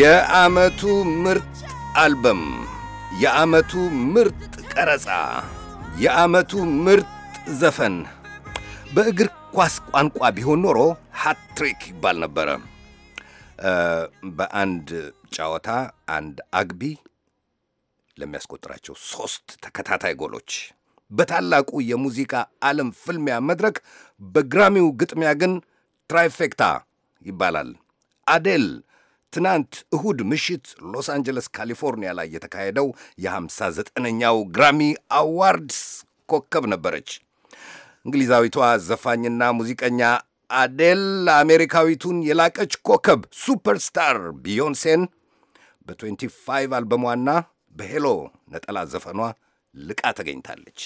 የዓመቱ ምርጥ አልበም፣ የዓመቱ ምርጥ ቀረጻ የዓመቱ ምርጥ ዘፈን በእግር ኳስ ቋንቋ ቢሆን ኖሮ ሃትሪክ ይባል ነበረ። በአንድ ጨዋታ አንድ አግቢ ለሚያስቆጥራቸው ሶስት ተከታታይ ጎሎች በታላቁ የሙዚቃ ዓለም ፍልሚያ መድረክ በግራሚው ግጥሚያ ግን ትራይፌክታ ይባላል። አዴል ትናንት እሁድ ምሽት ሎስ አንጀለስ ካሊፎርኒያ ላይ የተካሄደው የ59ኛው ግራሚ አዋርድስ ኮከብ ነበረች። እንግሊዛዊቷ ዘፋኝና ሙዚቀኛ አዴል አሜሪካዊቱን የላቀች ኮከብ ሱፐርስታር ቢዮንሴን በ25 አልበሟና በሄሎ ነጠላ ዘፈኗ ልቃ ተገኝታለች።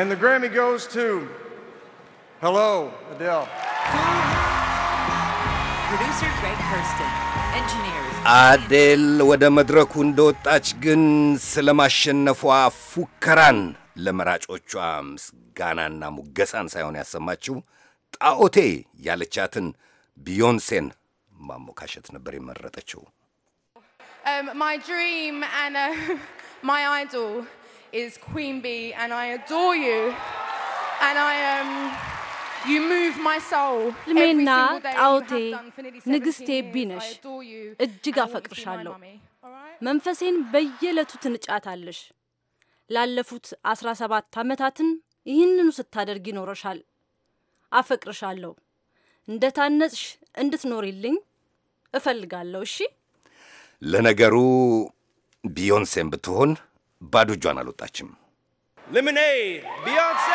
And the Grammy goes to Hello, Adele. አዴል ወደ መድረኩ እንደወጣች ግን ስለማሸነፏ ፉከራን ለመራጮቿ ምስጋናና ሙገሳን ሳይሆን ያሰማችው ጣዖቴ ያለቻትን ቢዮንሴን ማሞካሸት ነበር የመረጠችው። ልሜና ጣውቴ ንግስቴ ቢነሽ እጅግ አፈቅርሻለሁ። መንፈሴን በየዕለቱ ትንጫታለሽ። ላለፉት አስራ ሰባት ዓመታትን ይህንኑ ስታደርግ ይኖረሻል። አፈቅርሻለሁ። እንደ ታነጽሽ እንድትኖሪልኝ እፈልጋለሁ። እሺ። ለነገሩ ቢዮንሴን ብትሆን ባዶ እጇን አልወጣችም። ልምኔ ቢዮንሴ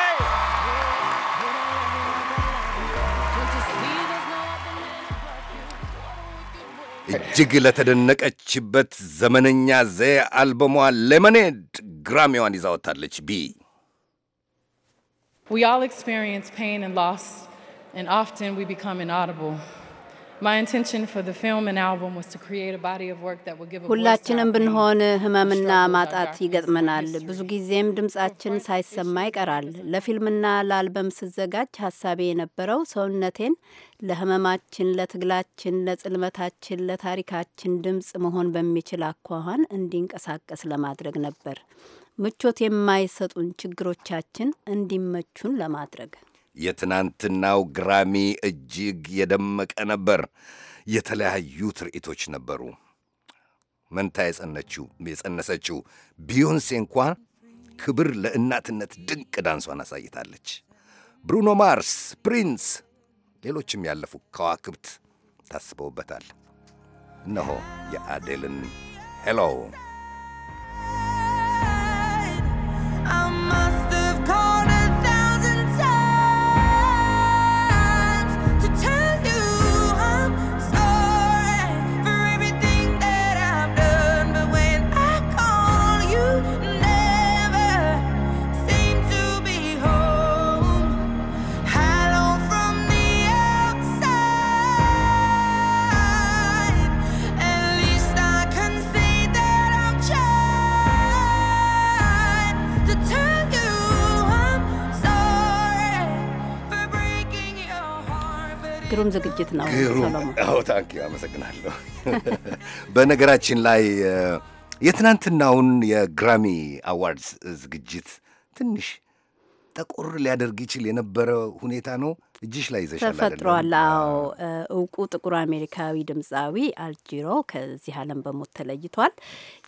እጅግ ለተደነቀችበት ዘመነኛ ዘ አልበሟ ሌመኔድ ግራሚዋን ይዛ ወጥታለች። ቢ We all experience pain and loss, and often we become inaudible. ሁላችንም ብንሆን ህመምና ማጣት ይገጥመናል። ብዙ ጊዜም ድምጻችን ሳይሰማ ይቀራል። ለፊልምና ለአልበም ስዘጋጅ ሀሳቤ የነበረው ሰውነቴን ለህመማችን፣ ለትግላችን፣ ለጽልመታችን፣ ለታሪካችን ድምጽ መሆን በሚችል አኳኋን እንዲንቀሳቀስ ለማድረግ ነበር። ምቾት የማይሰጡን ችግሮቻችን እንዲመቹን ለማድረግ የትናንትናው ግራሚ እጅግ የደመቀ ነበር። የተለያዩ ትርኢቶች ነበሩ። መንታ የጸነችው የጸነሰችው ቢዮንሴ እንኳን ክብር ለእናትነት ድንቅ ዳንሷን አሳይታለች። ብሩኖ ማርስ፣ ፕሪንስ፣ ሌሎችም ያለፉ ከዋክብት ታስበውበታል። እነሆ የአዴልን ሄሎ ዝግጅት ነው። አዎ ታንኪ አመሰግናለሁ። በነገራችን ላይ የትናንትናውን የግራሚ አዋርድስ ዝግጅት ትንሽ ጠቆር ሊያደርግ ይችል የነበረ ሁኔታ ነው። እጅሽ ላይ ይዘሻል ተፈጥሯል። አዎ እውቁ ጥቁር አሜሪካዊ ድምፃዊ አልጂሮ ከዚህ ዓለም በሞት ተለይቷል።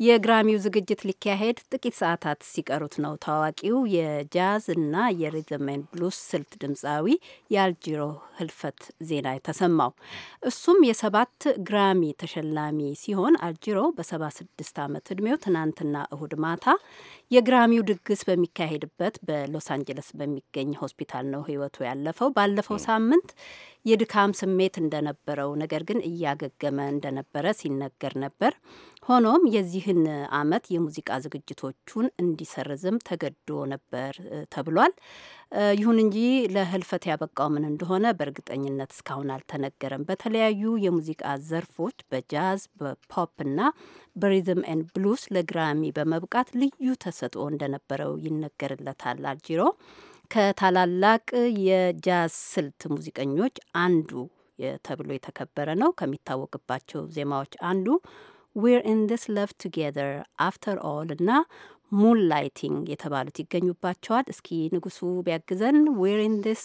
የግራሚው ዝግጅት ሊካሄድ ጥቂት ሰዓታት ሲቀሩት ነው ታዋቂው የጃዝ እና የሪዘመን ብሉስ ስልት ድምፃዊ የአልጂሮ ህልፈት ዜና የተሰማው። እሱም የሰባት ግራሚ ተሸላሚ ሲሆን አልጂሮ በሰባ ስድስት ዓመት ዕድሜው ትናንትና እሁድ ማታ የግራሚው ድግስ በሚካሄድበት በሎስ አንጀለስ በሚገኝ ሆስፒታል ነው ህይወቱ ያለፈው ባለ ባለፈው ሳምንት የድካም ስሜት እንደነበረው ነገር ግን እያገገመ እንደነበረ ሲነገር ነበር። ሆኖም የዚህን ዓመት የሙዚቃ ዝግጅቶቹን እንዲሰርዝም ተገዶ ነበር ተብሏል። ይሁን እንጂ ለህልፈት ያበቃው ምን እንደሆነ በእርግጠኝነት እስካሁን አልተነገረም። በተለያዩ የሙዚቃ ዘርፎች በጃዝ በፖፕና በሪዝም ኤን ብሉስ ለግራሚ በመብቃት ልዩ ተሰጥኦ እንደነበረው ይነገርለታል አልጂሮ ከታላላቅ የጃዝ ስልት ሙዚቀኞች አንዱ ተብሎ የተከበረ ነው። ከሚታወቅባቸው ዜማዎች አንዱ ዊር ኢን ዲስ ለቭ ቱጌዘር፣ አፍተር ኦል እና ሙን ላይቲንግ የተባሉት ይገኙባቸዋል። እስኪ ንጉሱ ቢያግዘን ዊር ኢን ዲስ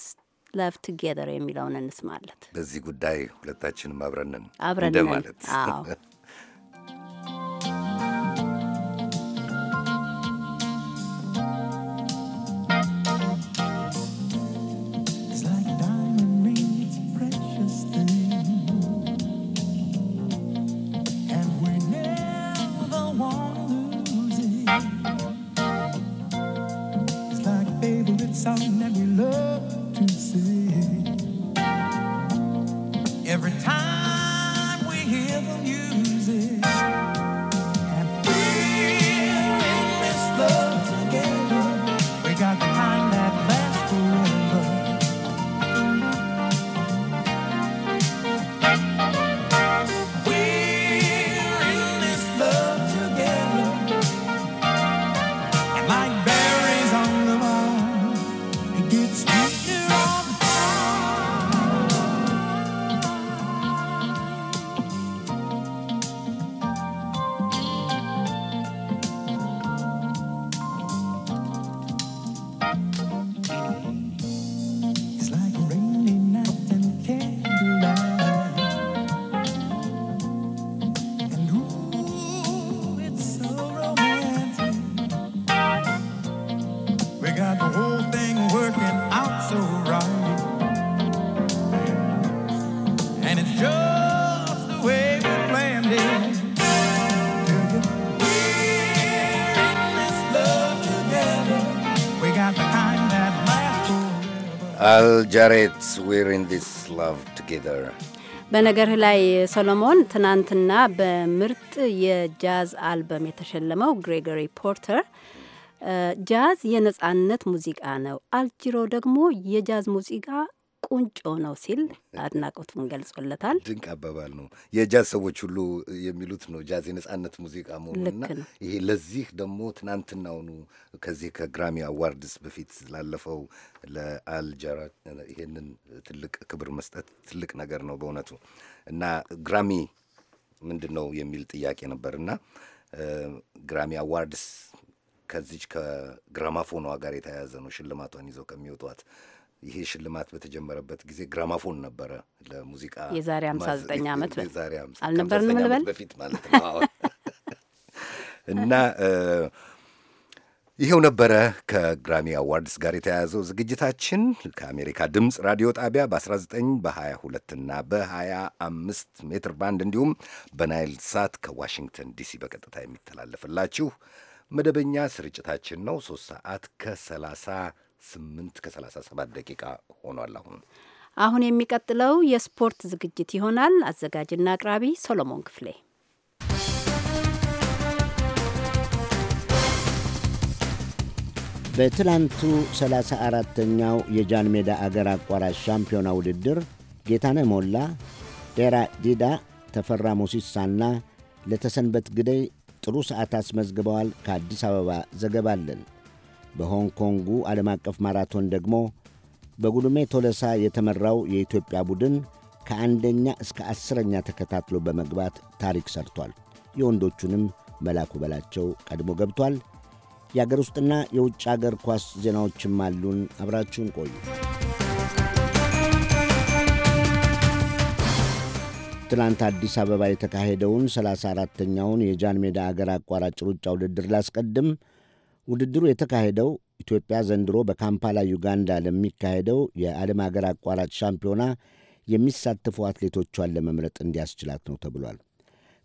ለቭ ቱጌዘር የሚለውን እንስማለት። በዚህ ጉዳይ ሁለታችንም አብረንን አብረንን ማለት ጃሬትስ ዊር ዲስ ላቭ ቱጌዘር። በነገርህ ላይ ሰሎሞን፣ ትናንትና በምርጥ የጃዝ አልበም የተሸለመው ግሬጎሪ ፖርተር ጃዝ የነጻነት ሙዚቃ ነው፣ አልጅሮ ደግሞ የጃዝ ሙዚቃ ቁንጮ ነው ሲል አድናቆቱን ገልጾለታል። ድንቅ አባባል ነው። የጃዝ ሰዎች ሁሉ የሚሉት ነው። ጃዝ የነጻነት ሙዚቃ መሆኑና ይሄ ለዚህ ደግሞ ትናንትናውኑ ከዚህ ከግራሚ አዋርድስ በፊት ላለፈው ለአልጀራ ይሄንን ትልቅ ክብር መስጠት ትልቅ ነገር ነው በእውነቱ እና ግራሚ ምንድን ነው የሚል ጥያቄ ነበር እና ግራሚ አዋርድስ ከዚች ከግራማፎኗ ጋር የተያያዘ ነው ሽልማቷን ይዘው ከሚወጧት ይሄ ሽልማት በተጀመረበት ጊዜ ግራማፎን ነበረ ለሙዚቃ የዛሬ 59 ዓመት አልነበርንም ልበል በፊት ማለት ነው። <laughs> እና ይኸው ነበረ ከግራሚ አዋርድስ ጋር የተያያዘው ዝግጅታችን ከአሜሪካ ድምፅ ራዲዮ ጣቢያ በ19 በ22 እና በ25 ሜትር ባንድ እንዲሁም በናይል ሳት ከዋሽንግተን ዲሲ በቀጥታ የሚተላለፍላችሁ መደበኛ ስርጭታችን ነው። 3 ሰዓት ከ30 ስምንት ከሰላሳ ሰባት ደቂቃ ሆኗል። አሁን አሁን የሚቀጥለው የስፖርት ዝግጅት ይሆናል። አዘጋጅና አቅራቢ ሶሎሞን ክፍሌ። በትላንቱ 34 ተኛው የጃን ሜዳ አገር አቋራጭ ሻምፒዮና ውድድር ጌታነ ሞላ፣ ዴራ ዲዳ፣ ተፈራ ሞሲሳና ለተሰንበት ግደይ ጥሩ ሰዓት አስመዝግበዋል። ከአዲስ አበባ ዘገባለን። በሆንግ ኮንጉ ዓለም አቀፍ ማራቶን ደግሞ በጉሉሜ ቶለሳ የተመራው የኢትዮጵያ ቡድን ከአንደኛ እስከ ዐሥረኛ ተከታትሎ በመግባት ታሪክ ሰርቷል። የወንዶቹንም መላኩ በላቸው ቀድሞ ገብቷል። የአገር ውስጥና የውጭ አገር ኳስ ዜናዎችም አሉን። አብራችሁን ቆዩ። ትናንት አዲስ አበባ የተካሄደውን 34ተኛውን የጃን ሜዳ አገር አቋራጭ ሩጫ ውድድር ላስቀድም። ውድድሩ የተካሄደው ኢትዮጵያ ዘንድሮ በካምፓላ ዩጋንዳ ለሚካሄደው የዓለም አገር አቋራጭ ሻምፒዮና የሚሳተፉ አትሌቶቿን ለመምረጥ እንዲያስችላት ነው ተብሏል።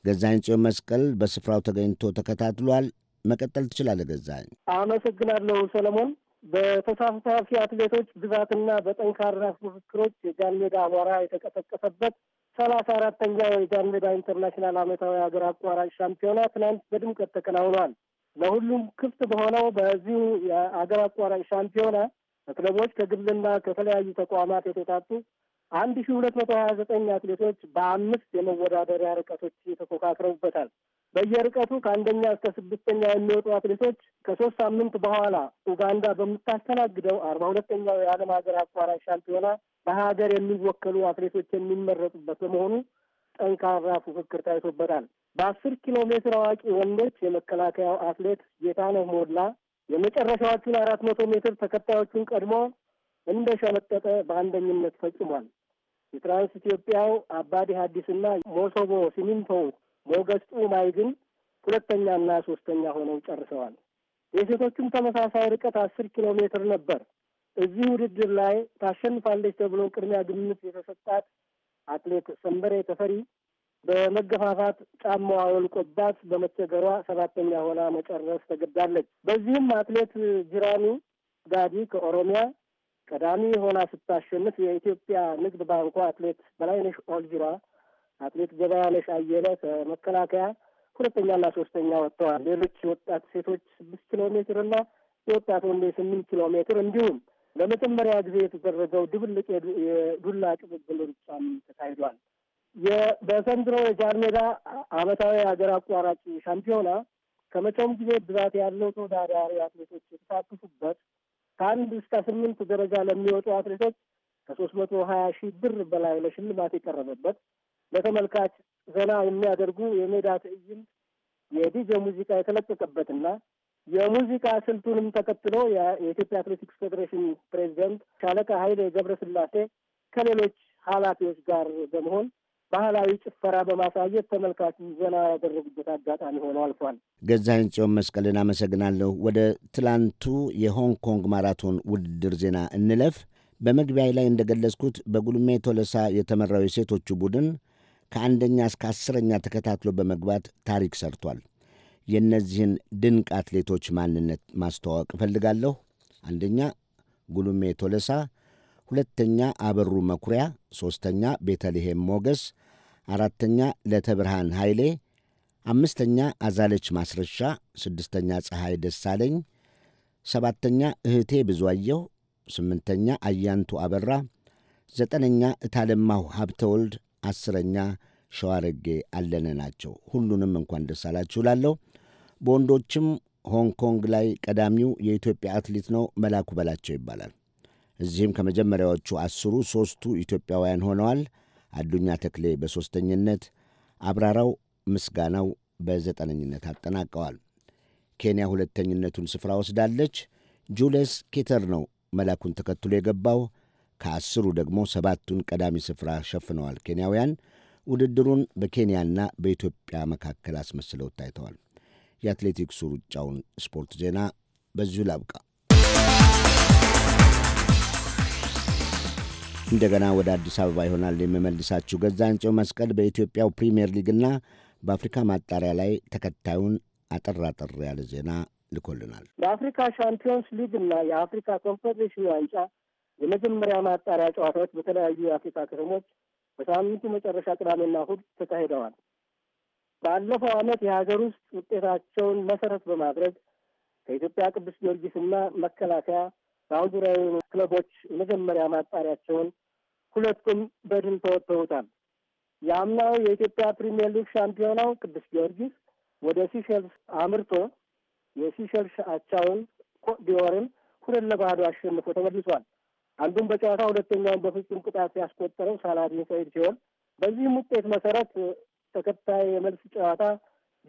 ገዛኝ ጽዮን መስቀል በስፍራው ተገኝቶ ተከታትሏል። መቀጠል ትችላለህ ገዛኝ። አመሰግናለሁ ሰለሞን። በተሳታፊ አትሌቶች ብዛትና በጠንካራ ፉክክሮች የጃንሜዳ አቧራ የተቀሰቀሰበት ሰላሳ አራተኛው የጃንሜዳ ኢንተርናሽናል ዓመታዊ ሀገር አቋራጭ ሻምፒዮና ትናንት በድምቀት ተከናውኗል። ለሁሉም ክፍት በሆነው በዚሁ የአገር አቋራጭ ሻምፒዮና ክለቦች ከግልና ከተለያዩ ተቋማት የተውጣጡ አንድ ሺ ሁለት መቶ ሀያ ዘጠኝ አትሌቶች በአምስት የመወዳደሪያ ርቀቶች ተፎካክረውበታል። በየርቀቱ ከአንደኛ እስከ ስድስተኛ የሚወጡ አትሌቶች ከሶስት ሳምንት በኋላ ኡጋንዳ በምታስተናግደው አርባ ሁለተኛው የዓለም ሀገር አቋራጭ ሻምፒዮና በሀገር የሚወከሉ አትሌቶች የሚመረጡበት በመሆኑ ጠንካራ ፉክክር ታይቶበታል። በአስር ኪሎ ሜትር አዋቂ ወንዶች የመከላከያው አትሌት ጌታነህ ሞላ የመጨረሻዎቹን አራት መቶ ሜትር ተከታዮቹን ቀድሞ እንደ ሸመጠጠ በአንደኝነት ፈጽሟል። የትራንስ ኢትዮጵያው አባዲ ሐዲስና ሞሶቦ ሲሚንቶ ሞገስ ጡማይ ግን ሁለተኛና ሶስተኛ ሆነው ጨርሰዋል። የሴቶቹም ተመሳሳይ ርቀት አስር ኪሎ ሜትር ነበር። እዚህ ውድድር ላይ ታሸንፋለች ተብሎ ቅድሚያ ግምት የተሰጣት አትሌት ሰንበሬ ተፈሪ በመገፋፋት ጫማዋ ወልቆባት በመቸገሯ ሰባተኛ ሆና መጨረስ ተገዳለች። በዚህም አትሌት ጅራኒ ጋዲ ከኦሮሚያ ቀዳሚ ሆና ስታሸንፍ የኢትዮጵያ ንግድ ባንኳ አትሌት በላይነሽ ኦልጅራ፣ አትሌት ገበያነሽ አየለ ከመከላከያ ሁለተኛና ሶስተኛ ወጥተዋል። ሌሎች የወጣት ሴቶች ስድስት ኪሎ ሜትር እና የወጣት ወንዴ ስምንት ኪሎ ሜትር እንዲሁም ለመጀመሪያ ጊዜ የተደረገው ድብልቅ የዱላ ቅብብል ሩጫም ተካሂዷል። በዘንድሮ የጃን ሜዳ ዓመታዊ ሀገር አቋራጭ ሻምፒዮና ከመቼውም ጊዜ ብዛት ያለው ተወዳዳሪ አትሌቶች የተሳተፉበት ከአንድ እስከ ስምንት ደረጃ ለሚወጡ አትሌቶች ከሶስት መቶ ሀያ ሺህ ብር በላይ ለሽልማት የቀረበበት ለተመልካች ዘና የሚያደርጉ የሜዳ ትዕይንት የዲጄ ሙዚቃ የተለቀቀበትና የሙዚቃ ስልቱንም ተከትሎ የኢትዮጵያ አትሌቲክስ ፌዴሬሽን ፕሬዚደንት ሻለቃ ኃይሌ ገብረስላሴ ከሌሎች ኃላፊዎች ጋር በመሆን ባህላዊ ጭፈራ በማሳየት ተመልካች ዘና ያደረጉበት አጋጣሚ ሆኖ አልፏል። ገዛኸኝ ጽዮን መስቀልን አመሰግናለሁ። ወደ ትላንቱ የሆንግ ኮንግ ማራቶን ውድድር ዜና እንለፍ። በመግቢያ ላይ እንደገለጽኩት በጉልሜ ቶለሳ የተመራው የሴቶቹ ቡድን ከአንደኛ እስከ አስረኛ ተከታትሎ በመግባት ታሪክ ሰርቷል። የእነዚህን ድንቅ አትሌቶች ማንነት ማስተዋወቅ እፈልጋለሁ። አንደኛ ጉሉሜ ቶለሳ፣ ሁለተኛ አበሩ መኩሪያ፣ ሦስተኛ ቤተልሔም ሞገስ፣ አራተኛ ለተብርሃን ኃይሌ፣ አምስተኛ አዛለች ማስረሻ፣ ስድስተኛ ፀሐይ ደሳለኝ፣ ሰባተኛ እህቴ ብዙአየሁ፣ ስምንተኛ አያንቱ አበራ፣ ዘጠነኛ እታለማሁ ሀብተወልድ፣ አስረኛ ሸዋረጌ አለነ ናቸው። ሁሉንም እንኳን ደስ አላችሁ እላለሁ። በወንዶችም ሆንግ ኮንግ ላይ ቀዳሚው የኢትዮጵያ አትሌት ነው መላኩ በላቸው ይባላል። እዚህም ከመጀመሪያዎቹ አስሩ ሦስቱ ኢትዮጵያውያን ሆነዋል። አዱኛ ተክሌ በሦስተኝነት፣ አብራራው ምስጋናው በዘጠነኝነት አጠናቀዋል። ኬንያ ሁለተኝነቱን ስፍራ ወስዳለች። ጁልስ ኬተር ነው መላኩን ተከትሎ የገባው። ከአስሩ ደግሞ ሰባቱን ቀዳሚ ስፍራ ሸፍነዋል ኬንያውያን። ውድድሩን በኬንያና በኢትዮጵያ መካከል አስመስለው ታይተዋል። የአትሌቲክሱ ሩጫውን ስፖርት ዜና በዚሁ ላብቃ። እንደገና ወደ አዲስ አበባ ይሆናል የምመልሳችሁ። ገዛኸኝ መስቀል በኢትዮጵያው ፕሪምየር ሊግና በአፍሪካ ማጣሪያ ላይ ተከታዩን አጠር አጠር ያለ ዜና ልኮልናል። የአፍሪካ ሻምፒዮንስ ሊግ እና የአፍሪካ ኮንፌዴሬሽን ዋንጫ የመጀመሪያ ማጣሪያ ጨዋታዎች በተለያዩ የአፍሪካ ከተሞች በሳምንቱ መጨረሻ ቅዳሜና እሑድ ተካሂደዋል። ባለፈው ዓመት የሀገር ውስጥ ውጤታቸውን መሰረት በማድረግ ከኢትዮጵያ ቅዱስ ጊዮርጊስና መከላከያ በአህጉራዊ ክለቦች መጀመሪያ ማጣሪያቸውን ሁለቱም በድል ተወጥተውታል። የአምናው የኢትዮጵያ ፕሪሚየር ሊግ ሻምፒዮናው ቅዱስ ጊዮርጊስ ወደ ሲሸልስ አምርቶ የሲሸልስ አቻውን ኮትዲቯርን ሁለት ለባዶ አሸንፎ ተመልሷል። አንዱም በጨዋታ ሁለተኛውን በፍጹም ቅጣት ያስቆጠረው ሳላዲን ሰይድ ሲሆን በዚህም ውጤት መሰረት ተከታይ የመልስ ጨዋታ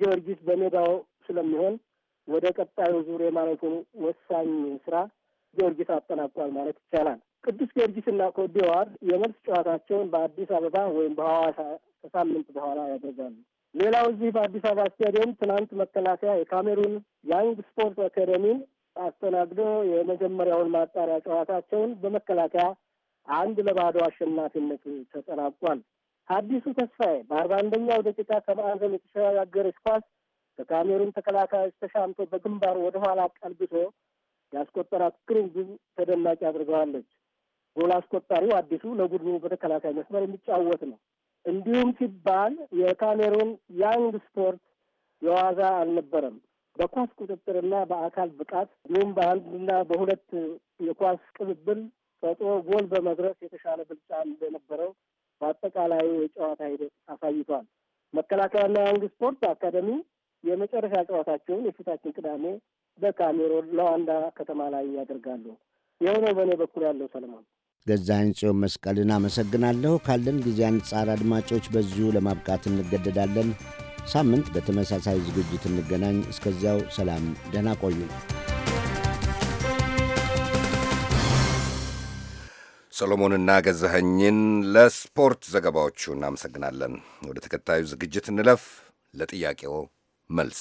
ጊዮርጊስ በሜዳው ስለሚሆን ወደ ቀጣዩ ዙር የማለፉን ወሳኝ ስራ ጊዮርጊስ አጠናቋል ማለት ይቻላል። ቅዱስ ጊዮርጊስና ኮዲዋር የመልስ ጨዋታቸውን በአዲስ አበባ ወይም በሐዋሳ ከሳምንት በኋላ ያደርጋሉ። ሌላው እዚህ በአዲስ አበባ ስታዲየም ትናንት መከላከያ የካሜሩን ያንግ ስፖርት አካደሚን አስተናግዶ የመጀመሪያውን ማጣሪያ ጨዋታቸውን በመከላከያ አንድ ለባዶ አሸናፊነት ተጠናቋል። አዲሱ ተስፋዬ በአርባ አንደኛው ደቂቃ ከማዕዘን የተሸጋገረች ኳስ በካሜሩን ተከላካዮች ተሻምቶ በግንባሩ ወደ ኋላ ቀልብሶ ያስቆጠራት ግሩም ግብ ተደናቂ አድርገዋለች። ጎል አስቆጣሪው አዲሱ ለቡድኑ በተከላካይ መስመር የሚጫወት ነው። እንዲሁም ሲባል የካሜሩን ያንግ ስፖርት የዋዛ አልነበረም። በኳስ ቁጥጥርና በአካል ብቃት እንዲሁም በአንድና በሁለት የኳስ ቅብብል ፈጥሮ ጎል በመድረስ የተሻለ ብልጫ እንደነበረው በአጠቃላይ የጨዋታ ሂደት አሳይቷል። መከላከያና ያንግ ስፖርት አካደሚ የመጨረሻ ጨዋታቸውን የፊታችን ቅዳሜ በካሜሮን ለዋንዳ ከተማ ላይ ያደርጋሉ። የሆነው በእኔ በኩል ያለው ሰለሞን ገዛኸኝ ጽዮን መስቀልን አመሰግናለሁ። ካለን ጊዜ አንጻር አድማጮች በዚሁ ለማብቃት እንገደዳለን። ሳምንት በተመሳሳይ ዝግጅት እንገናኝ። እስከዚያው ሰላም፣ ደህና ቆዩ። ሰሎሞንና ገዛኸኝን ለስፖርት ዘገባዎቹ እናመሰግናለን። ወደ ተከታዩ ዝግጅት እንለፍ። ለጥያቄው መልስ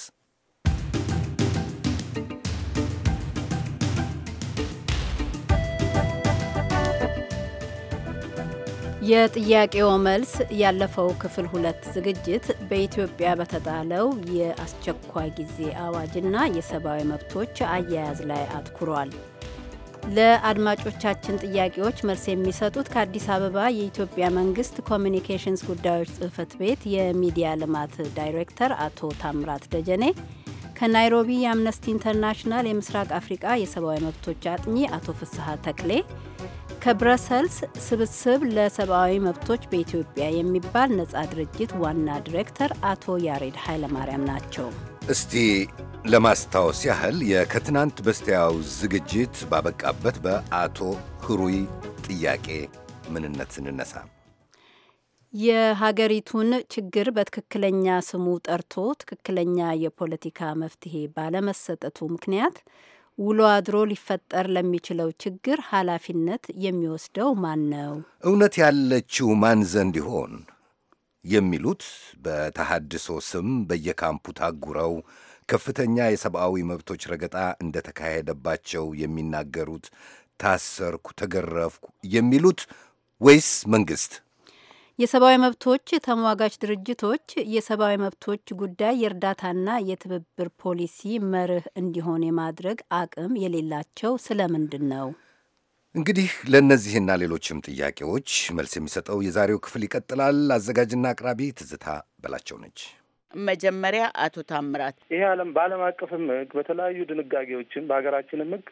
የጥያቄው መልስ ያለፈው ክፍል ሁለት ዝግጅት በኢትዮጵያ በተጣለው የአስቸኳይ ጊዜ አዋጅና የሰብአዊ መብቶች አያያዝ ላይ አትኩሯል። ለአድማጮቻችን ጥያቄዎች መልስ የሚሰጡት ከአዲስ አበባ የኢትዮጵያ መንግስት ኮሚኒኬሽንስ ጉዳዮች ጽህፈት ቤት የሚዲያ ልማት ዳይሬክተር አቶ ታምራት ደጀኔ፣ ከናይሮቢ የአምነስቲ ኢንተርናሽናል የምስራቅ አፍሪቃ የሰብአዊ መብቶች አጥኚ አቶ ፍስሐ ተክሌ ከብረሰልስ ስብስብ ለሰብአዊ መብቶች በኢትዮጵያ የሚባል ነጻ ድርጅት ዋና ዲሬክተር አቶ ያሬድ ኃይለማርያም ናቸው። እስቲ ለማስታወስ ያህል የከትናንት በስቲያው ዝግጅት ባበቃበት በአቶ ህሩይ ጥያቄ ምንነት ስንነሳ የሀገሪቱን ችግር በትክክለኛ ስሙ ጠርቶ ትክክለኛ የፖለቲካ መፍትሄ ባለመሰጠቱ ምክንያት ውሎ አድሮ ሊፈጠር ለሚችለው ችግር ኃላፊነት የሚወስደው ማን ነው? እውነት ያለችው ማን ዘንድ ይሆን? የሚሉት በተሃድሶ ስም በየካምፑ ታጉረው ከፍተኛ የሰብአዊ መብቶች ረገጣ እንደተካሄደባቸው የሚናገሩት ታሰርኩ፣ ተገረፍኩ የሚሉት ወይስ መንግስት? የሰብአዊ መብቶች ተሟጋች ድርጅቶች የሰብአዊ መብቶች ጉዳይ የእርዳታና የትብብር ፖሊሲ መርህ እንዲሆን የማድረግ አቅም የሌላቸው ስለምንድን ነው? እንግዲህ ለእነዚህና ሌሎችም ጥያቄዎች መልስ የሚሰጠው የዛሬው ክፍል ይቀጥላል። አዘጋጅና አቅራቢ ትዝታ በላቸው ነች። መጀመሪያ አቶ ታምራት፣ ይህ ዓለም በዓለም አቀፍም ሕግ በተለያዩ ድንጋጌዎችን በሀገራችንም ሕግ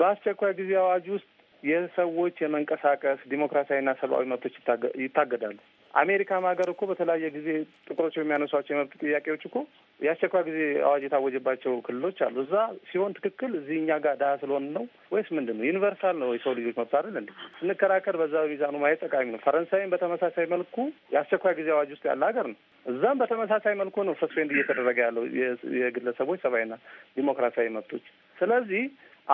በአስቸኳይ ጊዜ አዋጅ ውስጥ የሰዎች የመንቀሳቀስ ዲሞክራሲያዊና ሰብአዊ መብቶች ይታገዳሉ። አሜሪካም ሀገር እኮ በተለያየ ጊዜ ጥቁሮች የሚያነሷቸው የመብት ጥያቄዎች እኮ የአስቸኳይ ጊዜ አዋጅ የታወጀባቸው ክልሎች አሉ። እዛ ሲሆን ትክክል፣ እዚህ እኛ ጋር ድሀ ስለሆን ነው ወይስ ምንድን ነው? ዩኒቨርሳል ነው የሰው ልጆች መብት አይደል እንዴ? ስንከራከር በዛ ሚዛኑ ማየት ጠቃሚ ነው። ፈረንሳይም በተመሳሳይ መልኩ የአስቸኳይ ጊዜ አዋጅ ውስጥ ያለ ሀገር ነው። እዛም በተመሳሳይ መልኩ ነው ሰስፔንድ እየተደረገ ያለው የግለሰቦች ሰብአዊና ዲሞክራሲያዊ መብቶች። ስለዚህ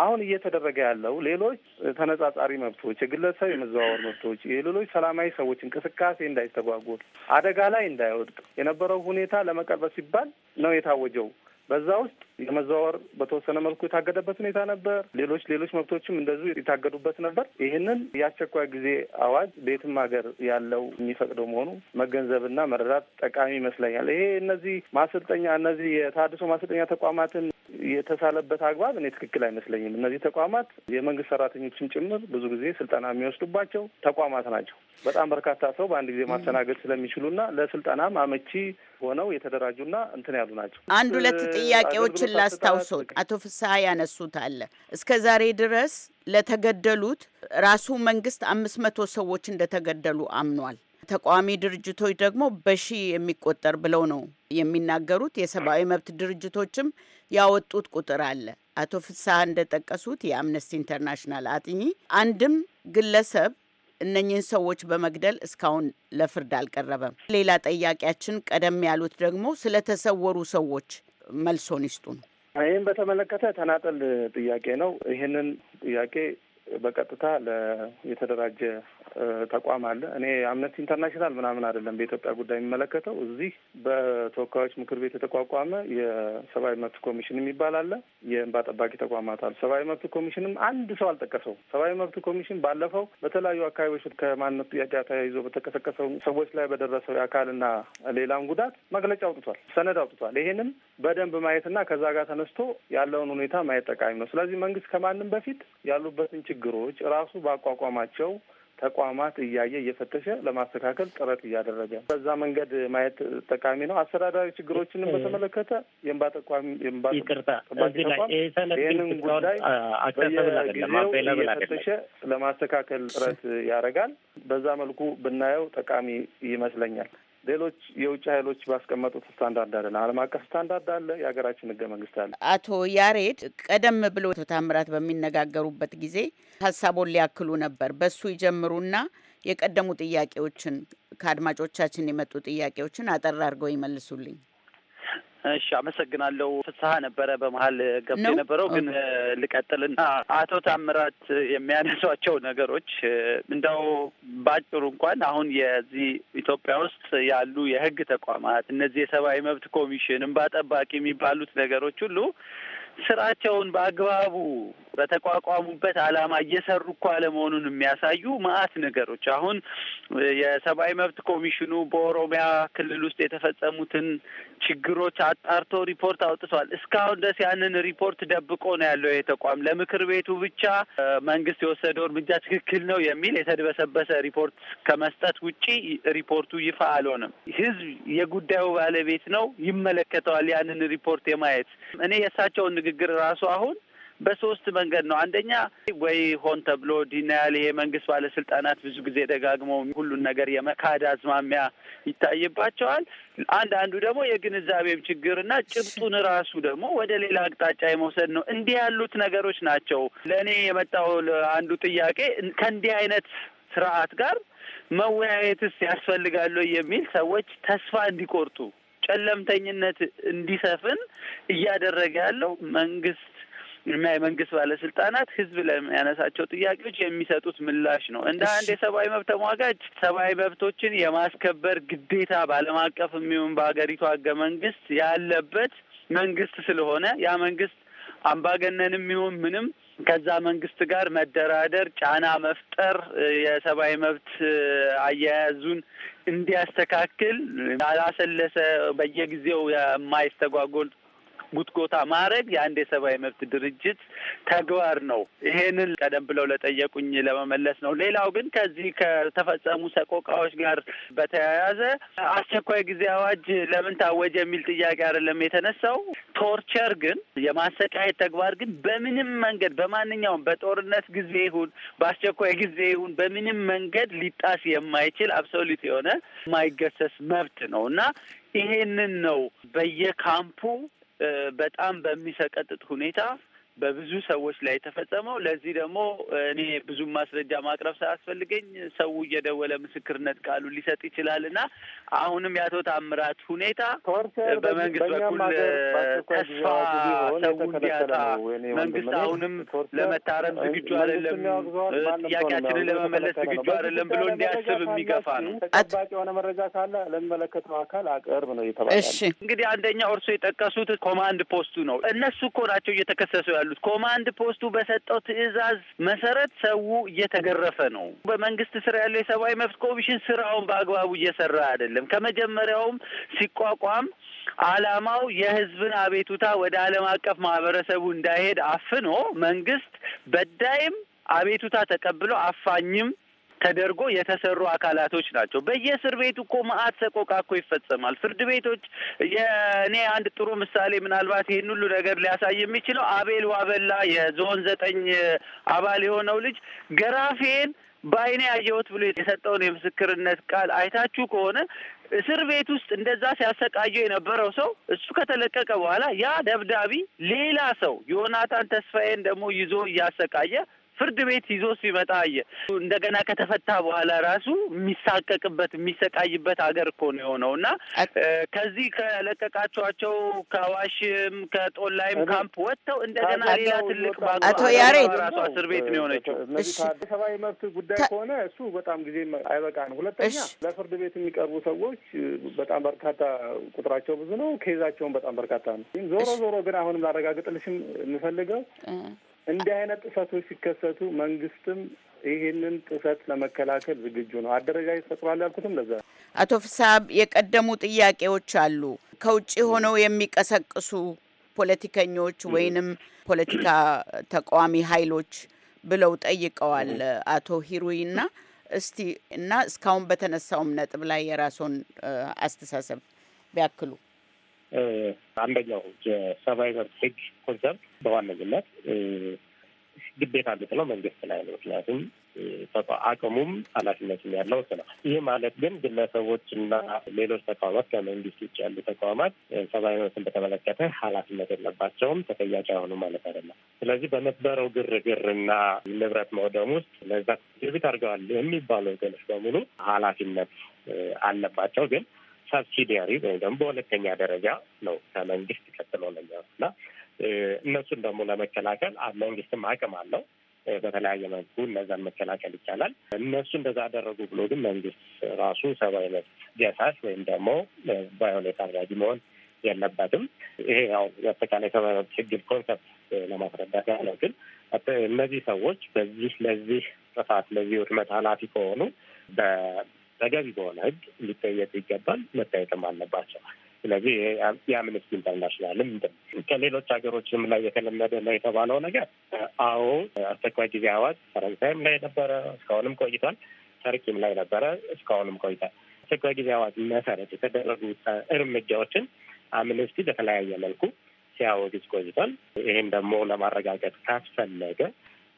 አሁን እየተደረገ ያለው ሌሎች ተነጻጻሪ መብቶች፣ የግለሰብ የመዘዋወር መብቶች፣ የሌሎች ሰላማዊ ሰዎች እንቅስቃሴ እንዳይስተጓጎል፣ አደጋ ላይ እንዳይወድቅ የነበረው ሁኔታ ለመቀልበስ ሲባል ነው የታወጀው። በዛ ውስጥ የመዘዋወር በተወሰነ መልኩ የታገደበት ሁኔታ ነበር። ሌሎች ሌሎች መብቶችም እንደዚሁ የታገዱበት ነበር። ይህንን የአስቸኳይ ጊዜ አዋጅ በየትም ሀገር ያለው የሚፈቅደው መሆኑ መገንዘብና መረዳት ጠቃሚ ይመስለኛል። ይሄ እነዚህ ማሰልጠኛ እነዚህ የታድሶ ማሰልጠኛ ተቋማትን የተሳለበት አግባብ እኔ ትክክል አይመስለኝም። እነዚህ ተቋማት የመንግስት ሰራተኞችን ጭምር ብዙ ጊዜ ስልጠና የሚወስዱባቸው ተቋማት ናቸው። በጣም በርካታ ሰው በአንድ ጊዜ ማስተናገድ ስለሚችሉና ለስልጠናም አመቺ ሆነው የተደራጁና እንትን ያሉ ናቸው። አንድ ሁለት ጥያቄዎችን ላስታውሶት አቶ ፍስሀ ያነሱት አለ እስከ ዛሬ ድረስ ለተገደሉት ራሱ መንግስት አምስት መቶ ሰዎች እንደተገደሉ አምኗል። ተቃዋሚ ድርጅቶች ደግሞ በሺ የሚቆጠር ብለው ነው የሚናገሩት። የሰብአዊ መብት ድርጅቶችም ያወጡት ቁጥር አለ። አቶ ፍስሐ እንደጠቀሱት የአምነስቲ ኢንተርናሽናል አጥኚ አንድም ግለሰብ እነኝህን ሰዎች በመግደል እስካሁን ለፍርድ አልቀረበም። ሌላ ጠያቂያችን ቀደም ያሉት ደግሞ ስለተሰወሩ ሰዎች መልሶን ይስጡ ነው። ይህን በተመለከተ ተናጠል ጥያቄ ነው። ይህንን ጥያቄ በቀጥታ የተደራጀ ተቋም አለ። እኔ አምነስቲ ኢንተርናሽናል ምናምን አይደለም በኢትዮጵያ ጉዳይ የሚመለከተው። እዚህ በተወካዮች ምክር ቤት የተቋቋመ የሰብአዊ መብት ኮሚሽን የሚባል አለ። የእንባ ጠባቂ ተቋማት አሉ። ሰብአዊ መብት ኮሚሽንም አንድ ሰው አልጠቀሰው። ሰብአዊ መብት ኮሚሽን ባለፈው በተለያዩ አካባቢዎች ከማንነት ጥያቄ ተያይዞ በተቀሰቀሰው ሰዎች ላይ በደረሰው የአካልና ሌላም ጉዳት መግለጫ አውጥቷል፣ ሰነድ አውጥቷል። ይሄንም በደንብ ማየትና ከዛ ጋር ተነስቶ ያለውን ሁኔታ ማየት ጠቃሚ ነው። ስለዚህ መንግስት ከማንም በፊት ያሉበትን ችግር ችግሮች ራሱ ባቋቋማቸው ተቋማት እያየ እየፈተሸ ለማስተካከል ጥረት እያደረገ በዛ መንገድ ማየት ጠቃሚ ነው። አስተዳዳሪ ችግሮችንም በተመለከተ የእንባ ይህንን ጉዳይ በየጊዜው እየፈተሸ ለማስተካከል ጥረት ያደርጋል። በዛ መልኩ ብናየው ጠቃሚ ይመስለኛል። ሌሎች የውጭ ኃይሎች ባስቀመጡት ስታንዳርድ አለ፣ ዓለም አቀፍ ስታንዳርድ አለ፣ የሀገራችን ህገ መንግስት አለ። አቶ ያሬድ ቀደም ብሎ ታምራት በሚነጋገሩበት ጊዜ ሀሳቦን ሊያክሉ ነበር። በሱ ይጀምሩና የቀደሙ ጥያቄዎችን ከአድማጮቻችን የመጡ ጥያቄዎችን አጠር አድርገው ይመልሱልኝ። እሺ አመሰግናለሁ። ፍስሀ ነበረ በመሀል ገብቶ የነበረው ግን ልቀጥልና አቶ ታምራት የሚያነሷቸው ነገሮች እንደው በአጭሩ እንኳን አሁን የዚህ ኢትዮጵያ ውስጥ ያሉ የህግ ተቋማት እነዚህ የሰብአዊ መብት ኮሚሽን፣ እንባ ጠባቂ የሚባሉት ነገሮች ሁሉ ስራቸውን በአግባቡ በተቋቋሙበት ዓላማ እየሰሩ እኮ አለመሆኑን የሚያሳዩ መዓት ነገሮች አሁን የሰብአዊ መብት ኮሚሽኑ በኦሮሚያ ክልል ውስጥ የተፈጸሙትን ችግሮች አጣርቶ ሪፖርት አውጥቷል። እስካሁን ድረስ ያንን ሪፖርት ደብቆ ነው ያለው። ይህ ተቋም ለምክር ቤቱ ብቻ መንግስት የወሰደው እርምጃ ትክክል ነው የሚል የተድበሰበሰ ሪፖርት ከመስጠት ውጪ ሪፖርቱ ይፋ አልሆነም። ህዝብ የጉዳዩ ባለቤት ነው፣ ይመለከተዋል። ያንን ሪፖርት የማየት እኔ የእሳቸውን ንግግር ራሱ አሁን በሶስት መንገድ ነው። አንደኛ ወይ ሆን ተብሎ ዲናያል ይሄ መንግስት ባለስልጣናት ብዙ ጊዜ ደጋግመው ሁሉን ነገር የመካድ አዝማሚያ ይታይባቸዋል። አንዳንዱ ደግሞ የግንዛቤም ችግርና ጭብጡን ራሱ ደግሞ ወደ ሌላ አቅጣጫ የመውሰድ ነው። እንዲህ ያሉት ነገሮች ናቸው ለእኔ የመጣው አንዱ ጥያቄ ከእንዲህ አይነት ስርዓት ጋር መወያየትስ ያስፈልጋሉ የሚል ሰዎች ተስፋ እንዲቆርጡ ጨለምተኝነት እንዲሰፍን እያደረገ ያለው መንግስት እና የመንግስት ባለስልጣናት ህዝብ ለሚያነሳቸው ጥያቄዎች የሚሰጡት ምላሽ ነው። እንደ አንድ የሰብአዊ መብት ተሟጋጅ ሰብአዊ መብቶችን የማስከበር ግዴታ በዓለም አቀፍ የሚሆን በሀገሪቱ ህገ መንግስት ያለበት መንግስት ስለሆነ ያ መንግስት አምባገነንም ይሁን ምንም ከዛ መንግስት ጋር መደራደር፣ ጫና መፍጠር፣ የሰብአዊ መብት አያያዙን እንዲያስተካክል ያላሰለሰ በየጊዜው የማይስተጓጎል ጉትጎታ ማድረግ የአንድ የሰብአዊ መብት ድርጅት ተግባር ነው። ይሄንን ቀደም ብለው ለጠየቁኝ ለመመለስ ነው። ሌላው ግን ከዚህ ከተፈጸሙ ሰቆቃዎች ጋር በተያያዘ አስቸኳይ ጊዜ አዋጅ ለምን ታወጀ የሚል ጥያቄ አይደለም የተነሳው። ቶርቸር ግን የማሰቃየት ተግባር ግን በምንም መንገድ በማንኛውም በጦርነት ጊዜ ይሁን በአስቸኳይ ጊዜ ይሁን በምንም መንገድ ሊጣስ የማይችል አብሶሉት የሆነ የማይገሰስ መብት ነው እና ይሄንን ነው በየካምፑ በጣም በሚሰቀጥጥ ሁኔታ በብዙ ሰዎች ላይ የተፈጸመው። ለዚህ ደግሞ እኔ ብዙ ማስረጃ ማቅረብ ሳያስፈልገኝ ሰው እየደወለ ምስክርነት ቃሉ ሊሰጥ ይችላል እና አሁንም የአቶ ታምራት ሁኔታ በመንግስት በኩል ተስፋ ሰው እንዲያጣ መንግስት አሁንም ለመታረም ዝግጁ አይደለም፣ ጥያቄያችንን ለመመለስ ዝግጁ አይደለም ብሎ እንዲያስብ የሚገፋ ነው። ጠባቂ የሆነ መረጃ ካለ ለሚመለከተው አካል አቅርብ ነው እየተባለ እንግዲህ አንደኛ እርሶ የጠቀሱት ኮማንድ ፖስቱ ነው። እነሱ እኮ ናቸው እየተከሰሱ ያሉ ያሉት። ኮማንድ ፖስቱ በሰጠው ትዕዛዝ መሰረት ሰው እየተገረፈ ነው። በመንግስት ስራ ያለው የሰብአዊ መብት ኮሚሽን ስራውን በአግባቡ እየሰራ አይደለም። ከመጀመሪያውም ሲቋቋም አላማው የህዝብን አቤቱታ ወደ ዓለም አቀፍ ማህበረሰቡ እንዳይሄድ አፍኖ መንግስት በዳይም አቤቱታ ተቀብሎ አፋኝም ተደርጎ የተሰሩ አካላቶች ናቸው። በየእስር ቤቱ እኮ መዓት ሰቆቃ እኮ ይፈጸማል። ፍርድ ቤቶች የእኔ አንድ ጥሩ ምሳሌ ምናልባት ይህን ሁሉ ነገር ሊያሳይ የሚችለው አቤል ዋበላ የዞን ዘጠኝ አባል የሆነው ልጅ ገራፌን በአይኔ አየወት ብሎ የሰጠውን የምስክርነት ቃል አይታችሁ ከሆነ እስር ቤት ውስጥ እንደዛ ሲያሰቃየው የነበረው ሰው እሱ ከተለቀቀ በኋላ ያ ደብዳቢ ሌላ ሰው ዮናታን ተስፋዬን ደግሞ ይዞ እያሰቃየ ፍርድ ቤት ይዞ ሲመጣ አየ። እንደገና ከተፈታ በኋላ ራሱ የሚሳቀቅበት የሚሰቃይበት ሀገር እኮ ነው የሆነው እና ከዚህ ከለቀቃችኋቸው ከዋሽም ከጦላይም ካምፕ ወጥተው እንደገና ሌላ ትልቅ አቶ ያሬድ ራሱ እስር ቤት ነው የሆነችው። ሰብአዊ መብት ጉዳይ ከሆነ እሱ በጣም ጊዜ አይበቃን። ሁለተኛ ለፍርድ ቤት የሚቀርቡ ሰዎች በጣም በርካታ ቁጥራቸው ብዙ ነው። ከይዛቸውን በጣም በርካታ ነው። ዞሮ ዞሮ ግን አሁንም ላረጋግጥልሽም የምፈልገው እንዲህ አይነት ጥሰቶች ሲከሰቱ መንግስትም ይህንን ጥሰት ለመከላከል ዝግጁ ነው። አደረጃጀት ፈጥሯል ያልኩትም ለዛ አቶ ፍሳብ የቀደሙ ጥያቄዎች አሉ። ከውጭ ሆነው የሚቀሰቅሱ ፖለቲከኞች ወይንም ፖለቲካ ተቃዋሚ ሀይሎች ብለው ጠይቀዋል አቶ ሂሩይ እና እስቲ እና እስካሁን በተነሳውም ነጥብ ላይ የራስዎን አስተሳሰብ ቢያክሉ አንደኛው የሰብአዊ ሕግ ኮንሰርት በዋነኝነት ግዴታ ነው መንግስት ላይ ነው። ምክንያቱም አቅሙም ኃላፊነቱም ያለው እሱ ነው። ይህ ማለት ግን ግለሰቦች እና ሌሎች ተቋማት ከመንግስት ውጭ ያሉ ተቋማት ሰብአዊ መብትን በተመለከተ ኃላፊነት የለባቸውም ተጠያቂ አይሆኑም ማለት አይደለም። ስለዚህ በነበረው ግርግር እና ንብረት መውደም ውስጥ ለዛ ድርጊት አድርገዋል የሚባሉ ወገኖች በሙሉ ኃላፊነት አለባቸው ግን ሰብሲዲያሪ ወይም ደግሞ በሁለተኛ ደረጃ ነው ከመንግስት ቀጥሎ ለኛው እና እነሱን ደግሞ ለመከላከል መንግስትም አቅም አለው። በተለያየ መልኩ እነዛን መከላከል ይቻላል። እነሱ እንደዛ አደረጉ ብሎ ግን መንግስት ራሱ ሰብአዊ መብት ገሳሽ ወይም ደግሞ ቫዮሌት አድራጊ መሆን የለበትም። ይሄ ያው የአጠቃላይ ሰብአዊ መብት ህግን ኮንሰፕት ለማስረዳት ያለው ግን እነዚህ ሰዎች በዚህ ለዚህ ጥፋት ለዚህ ውድመት ኃላፊ ከሆኑ ተገቢ በሆነ ህግ ሊጠየቅ ይገባል፣ መታየትም አለባቸው። ስለዚህ የአምነስቲ ኢንተርናሽናልም ከሌሎች ሀገሮችም ላይ የተለመደ ነው የተባለው ነገር አዎ፣ አስቸኳይ ጊዜ አዋጅ ፈረንሳይም ላይ ነበረ፣ እስካሁንም ቆይቷል። ተርኪም ላይ ነበረ፣ እስካሁንም ቆይቷል። አስቸኳይ ጊዜ አዋጅ መሰረት የተደረጉ እርምጃዎችን አምነስቲ በተለያየ መልኩ ሲያወግዝ ቆይቷል። ይህም ደግሞ ለማረጋገጥ ካስፈለገ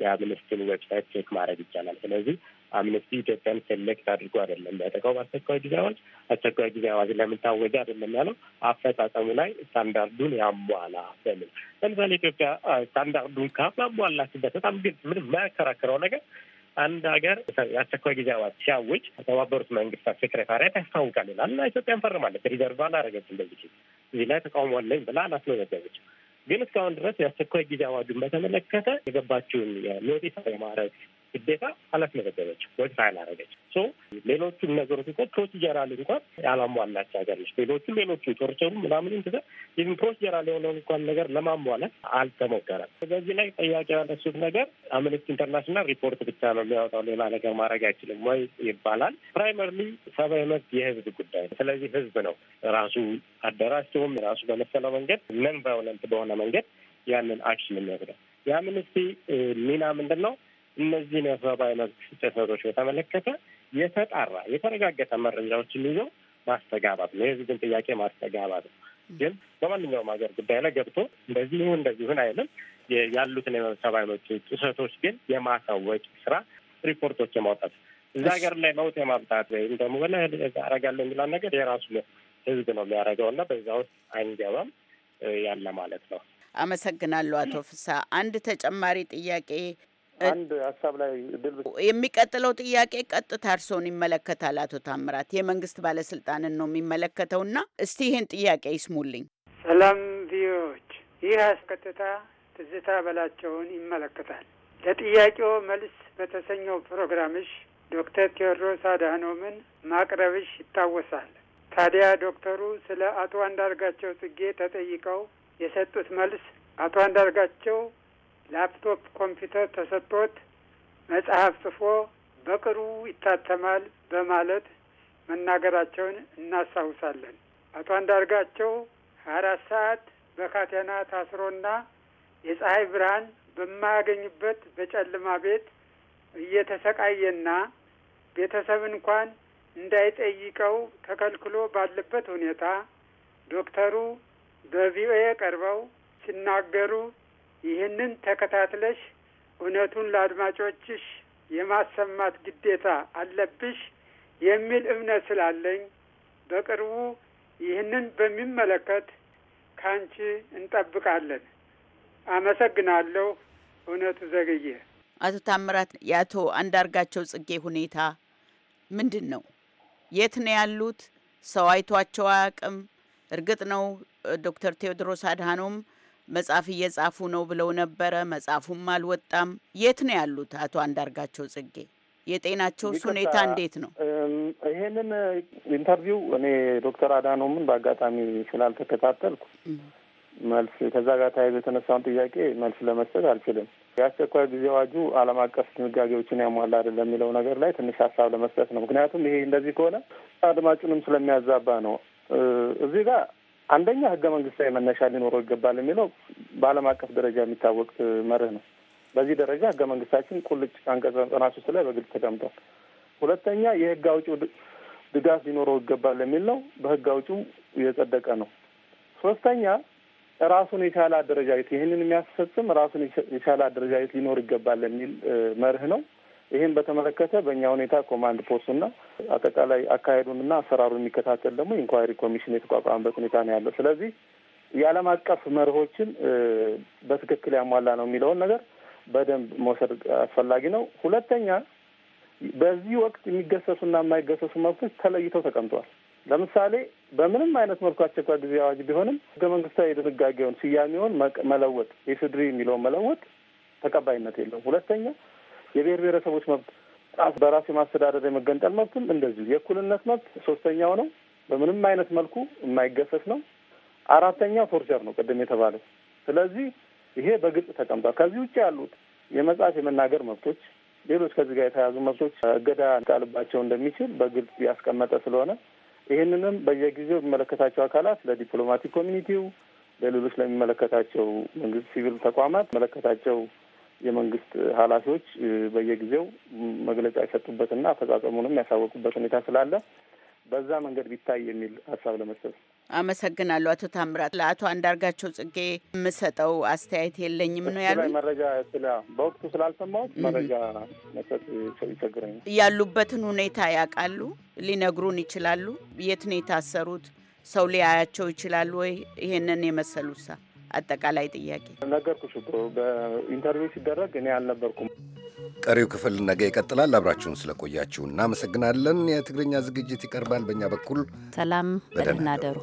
የአምነስቲን ዌብሳይት ቼክ ማድረግ ይቻላል። ስለዚህ አምነስቲ ኢትዮጵያን ሴሌክት አድርጎ አይደለም ያጠቀው በአስቸኳይ ጊዜ አዋጅ። አስቸኳይ ጊዜ አዋጅ ለምን ታወጀ አይደለም ያለው አፈጻጸሙ ላይ ስታንዳርዱን ያሟላ በሚል ለምሳሌ ኢትዮጵያ ስታንዳርዱን ካላሟላችበት በጣም ግን ምንም የማያከራክረው ነገር አንድ ሀገር የአስቸኳይ ጊዜ አዋጅ ሲያውጅ የተባበሩት መንግስታት ሴክሬታሪያት ያስታውቃል ይላል እና ኢትዮጵያን ፈርማለች። ሪዘርቭ አላረገችም። በዚህ እዚህ ላይ ተቃውሞ አለኝ ብላ አላስመዘገበች። ግን እስካሁን ድረስ የአስቸኳይ ጊዜ አዋጁን በተመለከተ የገባችውን የኖቲስ ማድረግ ግዴታ አላስመዘገበች ወይ ፋይል አረገች። ሶ ሌሎቹን ነገሮች እንኳ ፕሮሲጀራል እንኳን ያላሟላች ሀገር ነች። ሌሎቹ ሌሎቹ ቶርቸሩ ምናምን ትዘ ይህም ፕሮሲጀራል የሆነውን እንኳን ነገር ለማሟላት አልተሞከረም። በዚህ ላይ ጥያቄ ያነሱት ነገር አምነስቲ ኢንተርናሽናል ሪፖርት ብቻ ነው የሚያወጣው ሌላ ነገር ማድረግ አይችልም ወይ ይባላል። ፕራይመርሊ ሰብአዊ መብት የህዝብ ጉዳይ ነው። ስለዚህ ህዝብ ነው ራሱ አደራጅቶም ራሱ በመሰለው መንገድ ነን ቫዮለንት በሆነ መንገድ ያንን አክሽን የሚወስደው የአምነስቲ ሚና ምንድን ነው? እነዚህን የሰብአዊ መብት ጥሰቶች በተመለከተ የተጣራ የተረጋገጠ መረጃዎችን ይዘው ማስተጋባት ነው። የህዝብን ጥያቄ ማስተጋባት ነው። ግን በማንኛውም ሀገር ጉዳይ ላይ ገብቶ እንደዚህ ይሁን እንደዚህ ይሁን አይልም። ያሉትን የሰብአዊ መብት ጥሰቶች ግን የማሳወቅ ስራ፣ ሪፖርቶች የማውጣት እዛ ሀገር ላይ መውት የማምጣት ወይም ደግሞ በላ አረጋለሁ የሚላን ነገር የራሱ ህዝብ ነው የሚያደርገው እና በዛ ውስጥ አንገባም ያለ ማለት ነው። አመሰግናለሁ አቶ ፍሳ። አንድ ተጨማሪ ጥያቄ አንድ ሀሳብ ላይ የሚቀጥለው ጥያቄ ቀጥታ እርስዎን ይመለከታል አቶ ታምራት። የመንግስት ባለስልጣንን ነው የሚመለከተው እና እስቲ ይህን ጥያቄ ይስሙልኝ። ሰላም ቪዎች፣ ይህ አስቀጥታ ትዝታ በላቸውን ይመለከታል። ለጥያቄው መልስ በተሰኘው ፕሮግራምሽ ዶክተር ቴዎድሮስ አድሃኖምን ማቅረብሽ ይታወሳል። ታዲያ ዶክተሩ ስለ አቶ አንዳርጋቸው ጽጌ ተጠይቀው የሰጡት መልስ አቶ አንዳርጋቸው ላፕቶፕ ኮምፒውተር ተሰጥቶት መጽሐፍ ጽፎ በቅርቡ ይታተማል በማለት መናገራቸውን እናስታውሳለን። አቶ አንዳርጋቸው ሀያ አራት ሰዓት በካቴና ታስሮና የፀሐይ ብርሃን በማያገኝበት በጨለማ ቤት እየተሰቃየና ቤተሰብ እንኳን እንዳይጠይቀው ተከልክሎ ባለበት ሁኔታ ዶክተሩ በቪኦኤ ቀርበው ሲናገሩ ይህንን ተከታትለሽ እውነቱን ለአድማጮችሽ የማሰማት ግዴታ አለብሽ የሚል እምነት ስላለኝ በቅርቡ ይህንን በሚመለከት ከአንቺ እንጠብቃለን። አመሰግናለሁ። እውነቱ ዘግየ አቶ ታምራት፣ የአቶ አንዳርጋቸው ጽጌ ሁኔታ ምንድን ነው? የት ነው ያሉት? ሰው አይቷቸው አያውቅም። እርግጥ ነው ዶክተር ቴዎድሮስ አድሃኖም መጽሐፍ እየጻፉ ነው ብለው ነበረ። መጽሐፉም አልወጣም። የት ነው ያሉት አቶ አንዳርጋቸው ጽጌ? የጤናቸውስ ሁኔታ እንዴት ነው? ይሄንን ኢንተርቪው እኔ ዶክተር አዳኖምን በአጋጣሚ ስላልተከታተልኩ መልስ ከዛ ጋር ተያይዞ የተነሳውን ጥያቄ መልስ ለመስጠት አልችልም። የአስቸኳይ ጊዜ አዋጁ ዓለም አቀፍ ድንጋጌዎችን ያሟላ አይደለም የሚለው ነገር ላይ ትንሽ ሀሳብ ለመስጠት ነው። ምክንያቱም ይሄ እንደዚህ ከሆነ አድማጩንም ስለሚያዛባ ነው። እዚህ ጋር አንደኛ ህገ መንግስታዊ መነሻ ሊኖረው ይገባል የሚለው በዓለም አቀፍ ደረጃ የሚታወቅ መርህ ነው። በዚህ ደረጃ ህገ መንግስታችን ቁልጭ አንቀጽ ዘጠና ሶስት ላይ በግልጽ ተቀምጧል። ሁለተኛ የህግ አውጪው ድጋፍ ሊኖረው ይገባል የሚል ነው። በህግ አውጪው የጸደቀ ነው። ሶስተኛ ራሱን የቻለ አደረጃጀት፣ ይህንን የሚያስፈጽም ራሱን የቻለ አደረጃጀት ሊኖር ይገባል የሚል መርህ ነው። ይህን በተመለከተ በእኛ ሁኔታ ኮማንድ ፖስቱና አጠቃላይ አካሄዱንና አሰራሩን የሚከታተል ደግሞ ኢንኳሪ ኮሚሽን የተቋቋመበት ሁኔታ ነው ያለው። ስለዚህ የዓለም አቀፍ መርሆችን በትክክል ያሟላ ነው የሚለውን ነገር በደንብ መውሰድ አስፈላጊ ነው። ሁለተኛ በዚህ ወቅት የሚገሰሱና የማይገሰሱ መብቶች ተለይተው ተቀምጠዋል። ለምሳሌ በምንም አይነት መልኩ አስቸኳይ ጊዜ አዋጅ ቢሆንም ህገ መንግስታዊ ድንጋጌውን ስያሜውን መለወጥ የፍድሪ የሚለውን መለወጥ ተቀባይነት የለውም። ሁለተኛ የብሔር ብሔረሰቦች መብት ራስ በራስ የማስተዳደር የመገንጠል መብትም እንደዚሁ የእኩልነት መብት ሶስተኛው ነው። በምንም አይነት መልኩ የማይገሰስ ነው። አራተኛው ቶርቸር ነው ቅድም የተባለው። ስለዚህ ይሄ በግልጽ ተቀምጧል። ከዚህ ውጭ ያሉት የመጻፍ የመናገር መብቶች፣ ሌሎች ከዚህ ጋር የተያዙ መብቶች እገዳ ጣልባቸው እንደሚችል በግልጽ ያስቀመጠ ስለሆነ ይህንንም በየጊዜው የሚመለከታቸው አካላት ለዲፕሎማቲክ ኮሚኒቲው፣ ለሌሎች ለሚመለከታቸው መንግስት ሲቪል ተቋማት መለከታቸው የመንግስት ኃላፊዎች በየጊዜው መግለጫ የሰጡበትና አፈጻጸሙንም ያሳወቁበት ሁኔታ ስላለ በዛ መንገድ ቢታይ የሚል ሀሳብ ለመስጠት አመሰግናለሁ። አቶ ታምራት ለአቶ አንዳርጋቸው ጽጌ የምሰጠው አስተያየት የለኝም ነው ያሉ መረጃ ስለ በወቅቱ ስላልሰማሁት መረጃ መስጠት ይቸግረኛል። ያሉበትን ሁኔታ ያውቃሉ? ሊነግሩን ይችላሉ? የት ነው የታሰሩት? ሰው ሊያያቸው ይችላሉ ወይ? ይሄንን የመሰሉ ሳ አጠቃላይ ጥያቄ ነገርኩሽ እኮ በኢንተርቪው ሲደረግ እኔ አልነበርኩም። ቀሪው ክፍል ነገ ይቀጥላል። አብራችሁን ስለቆያችሁ እናመሰግናለን። የትግርኛ ዝግጅት ይቀርባል። በእኛ በኩል ሰላም፣ በደህና ደሩ።